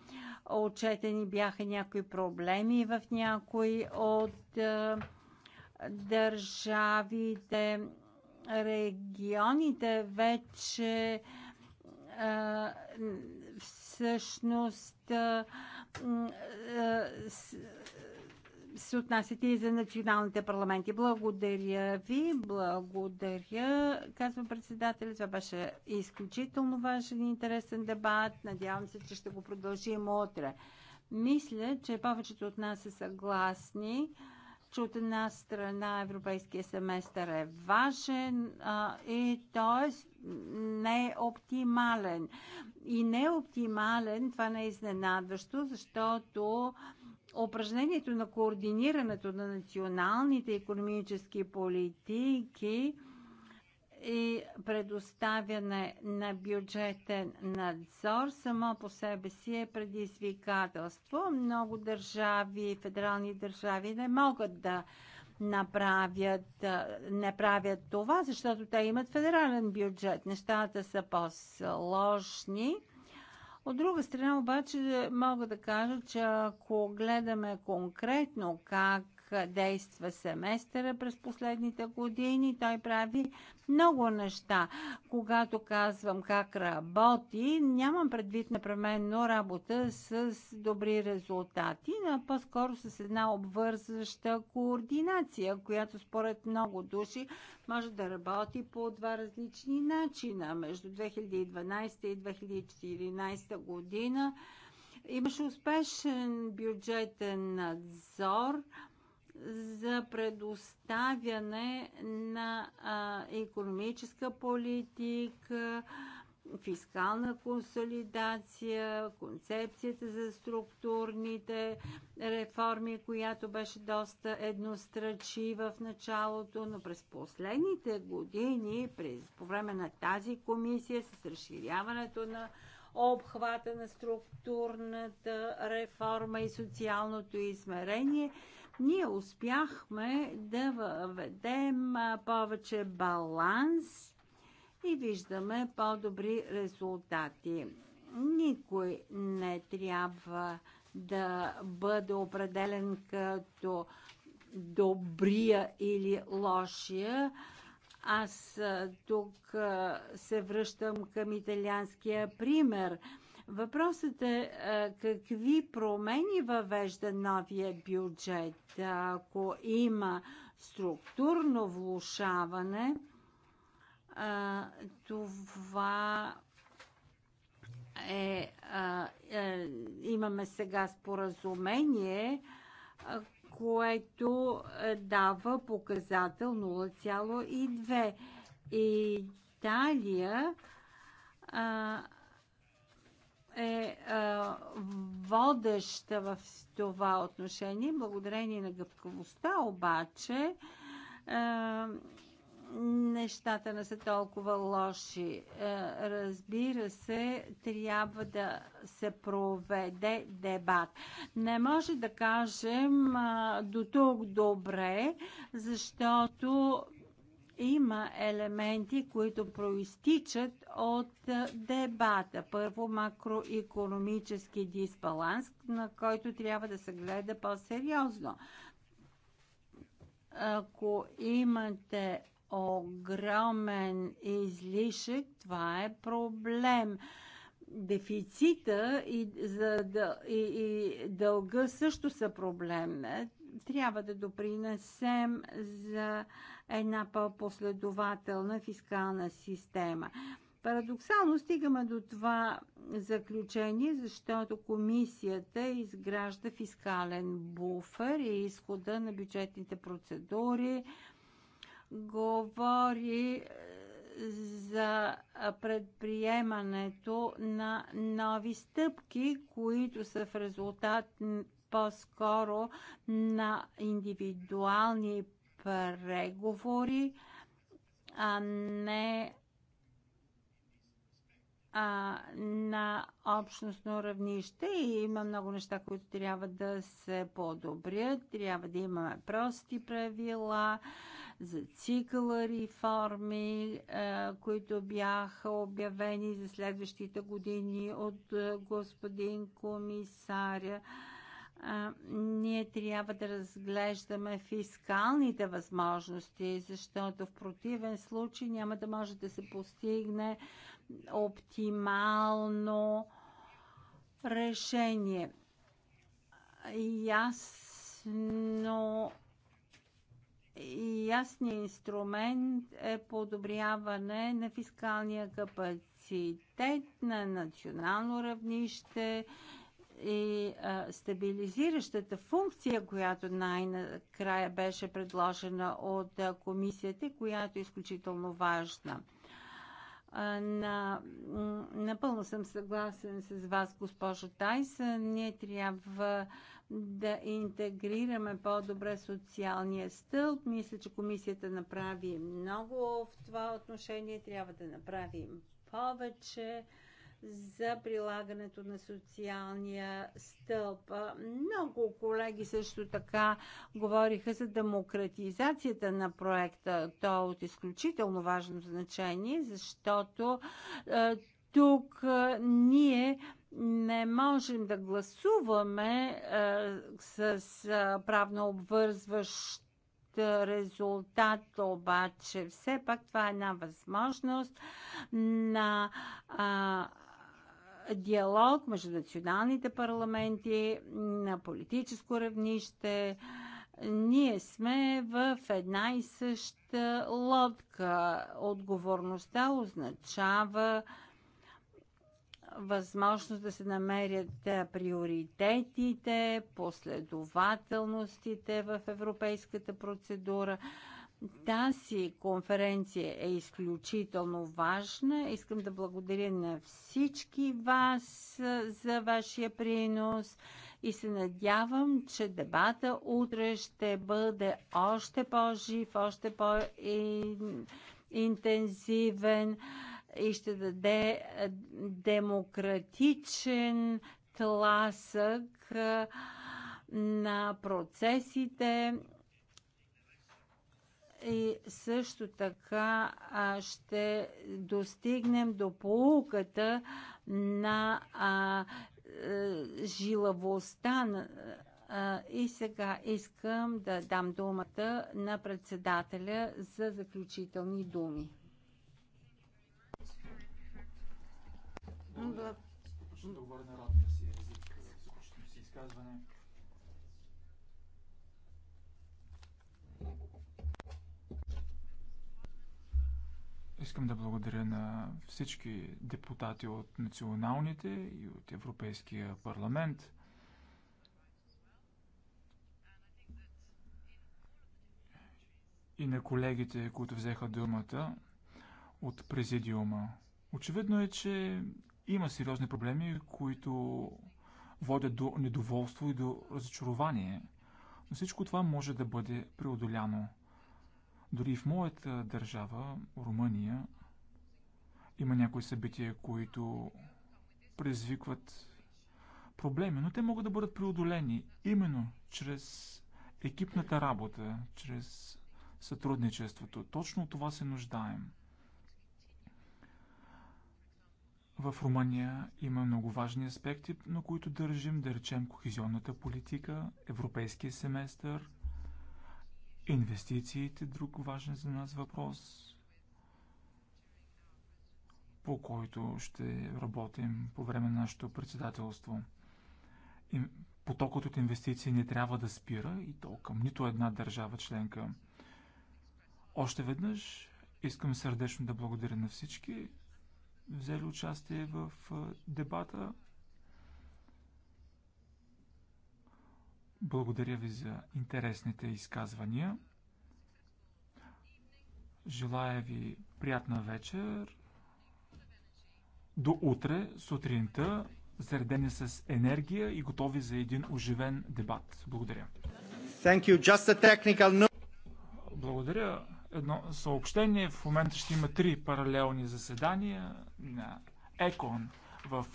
Отчетени бяха някои проблеми в някои от е, държавите, регионите вече всъщност се отнасят и за националните парламенти. Благодаря ви, благодаря, казва председател. Това беше изключително важен и интересен дебат. Надявам се, че ще го продължим утре. Мисля, че повечето от нас са съгласни че от една страна европейския семестър е важен а, и той не е оптимален. И не е оптимален, това не е изненадващо, защото упражнението на координирането на националните економически политики – и предоставяне на бюджетен надзор само по себе си е предизвикателство. Много държави, федерални държави не могат да направят, не правят това, защото те имат федерален бюджет. Нещата са по-сложни. От друга страна обаче мога да кажа, че ако гледаме конкретно как действа семестъра през последните години. Той прави много неща. Когато казвам как работи, нямам предвид непременно работа с добри резултати, но по-скоро с една обвързваща координация, която според много души може да работи по два различни начина. Между 2012 и 2014 година имаше успешен бюджетен надзор – за предоставяне на а, економическа политика, фискална консолидация, концепцията за структурните реформи, която беше доста еднострачива в началото, но през последните години, през, по време на тази комисия, с разширяването на обхвата на структурната реформа и социалното измерение, ние успяхме да въведем повече баланс и виждаме по-добри резултати. Никой не трябва да бъде определен като добрия или лошия. Аз тук се връщам към италианския пример – Въпросът е какви промени въвежда новия бюджет. Ако има структурно влушаване, това е, е, имаме сега споразумение, което е, дава показател 0,2. Италия е а, е, водеща в това отношение. Благодарение на гъвкавостта обаче а, е, нещата не са толкова лоши. А, е, разбира се, трябва да се проведе дебат. Не може да кажем а, до тук добре, защото има елементи, които проистичат от дебата. Първо макроекономически дисбаланс, на който трябва да се гледа по-сериозно. Ако имате огромен излишък, това е проблем дефицита и, за, и, и дълга също са проблем. Трябва да допринесем за една по-последователна фискална система. Парадоксално стигаме до това заключение, защото комисията изгражда фискален буфер и изхода на бюджетните процедури, говори е, за предприемането на нови стъпки, които са в резултат по-скоро на индивидуални преговори, а не а, на общностно равнище и има много неща, които трябва да се подобрят. Трябва да имаме прости правила за цикъла реформи, е, които бяха обявени за следващите години от е, господин комисаря а, ние трябва да разглеждаме фискалните възможности, защото в противен случай няма да може да се постигне оптимално решение. Ясно ясният инструмент е подобряване на фискалния капацитет на национално равнище и а, стабилизиращата функция, която най-накрая беше предложена от а, комисията, която е изключително важна. А, на, напълно съм съгласен с вас, госпожо Тайс. Ние трябва да интегрираме по-добре социалния стълб. Мисля, че комисията направи много в това отношение. Трябва да направим повече за прилагането на социалния стълб. Много колеги също така говориха за демократизацията на проекта. То е от изключително важно значение, защото е, тук е, ние не можем да гласуваме е, с правно обвързващ резултат, обаче все пак това е една възможност на а, диалог между националните парламенти на политическо равнище. Ние сме в една и съща лодка. Отговорността означава възможност да се намерят приоритетите, последователностите в европейската процедура. Тази конференция е изключително важна. Искам да благодаря на всички вас за вашия принос и се надявам, че дебата утре ще бъде още по-жив, още по-интензивен и ще даде демократичен тласък на процесите и също така ще достигнем до полуката на а, е, жилавостта на и сега искам да дам думата на председателя за заключителни думи. Благодаря. Ще говоря на родния си език, е, изказване. Искам да благодаря на всички депутати от националните и от Европейския парламент. И на колегите, които взеха думата от президиума. Очевидно е, че има сериозни проблеми, които водят до недоволство и до разочарование. Но всичко това може да бъде преодоляно. Дори в моята държава, Румъния, има някои събития, които предизвикват проблеми, но те могат да бъдат преодолени именно чрез екипната работа, чрез сътрудничеството. Точно от това се нуждаем. В Румъния има много важни аспекти, на които държим, да речем, кохезионната политика, европейския семестър, Инвестициите – друг важен за нас въпрос, по който ще работим по време на нашето председателство. Потокът от инвестиции не трябва да спира и то към нито една държава членка. Още веднъж искам сърдечно да благодаря на всички, взели участие в дебата. Благодаря ви за интересните изказвания. Желая ви приятна вечер. До утре, сутринта, заредени с енергия и готови за един оживен дебат. Благодаря. Thank you. Just a technical... Благодаря. Едно съобщение. В момента ще има три паралелни заседания на ЕКОН в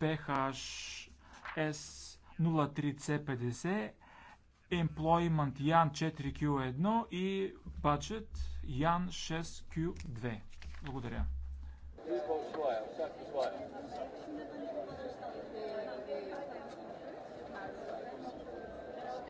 PHS 03C50, Employment Yan 4Q1 и Budget Yan 6Q2. Благодаря.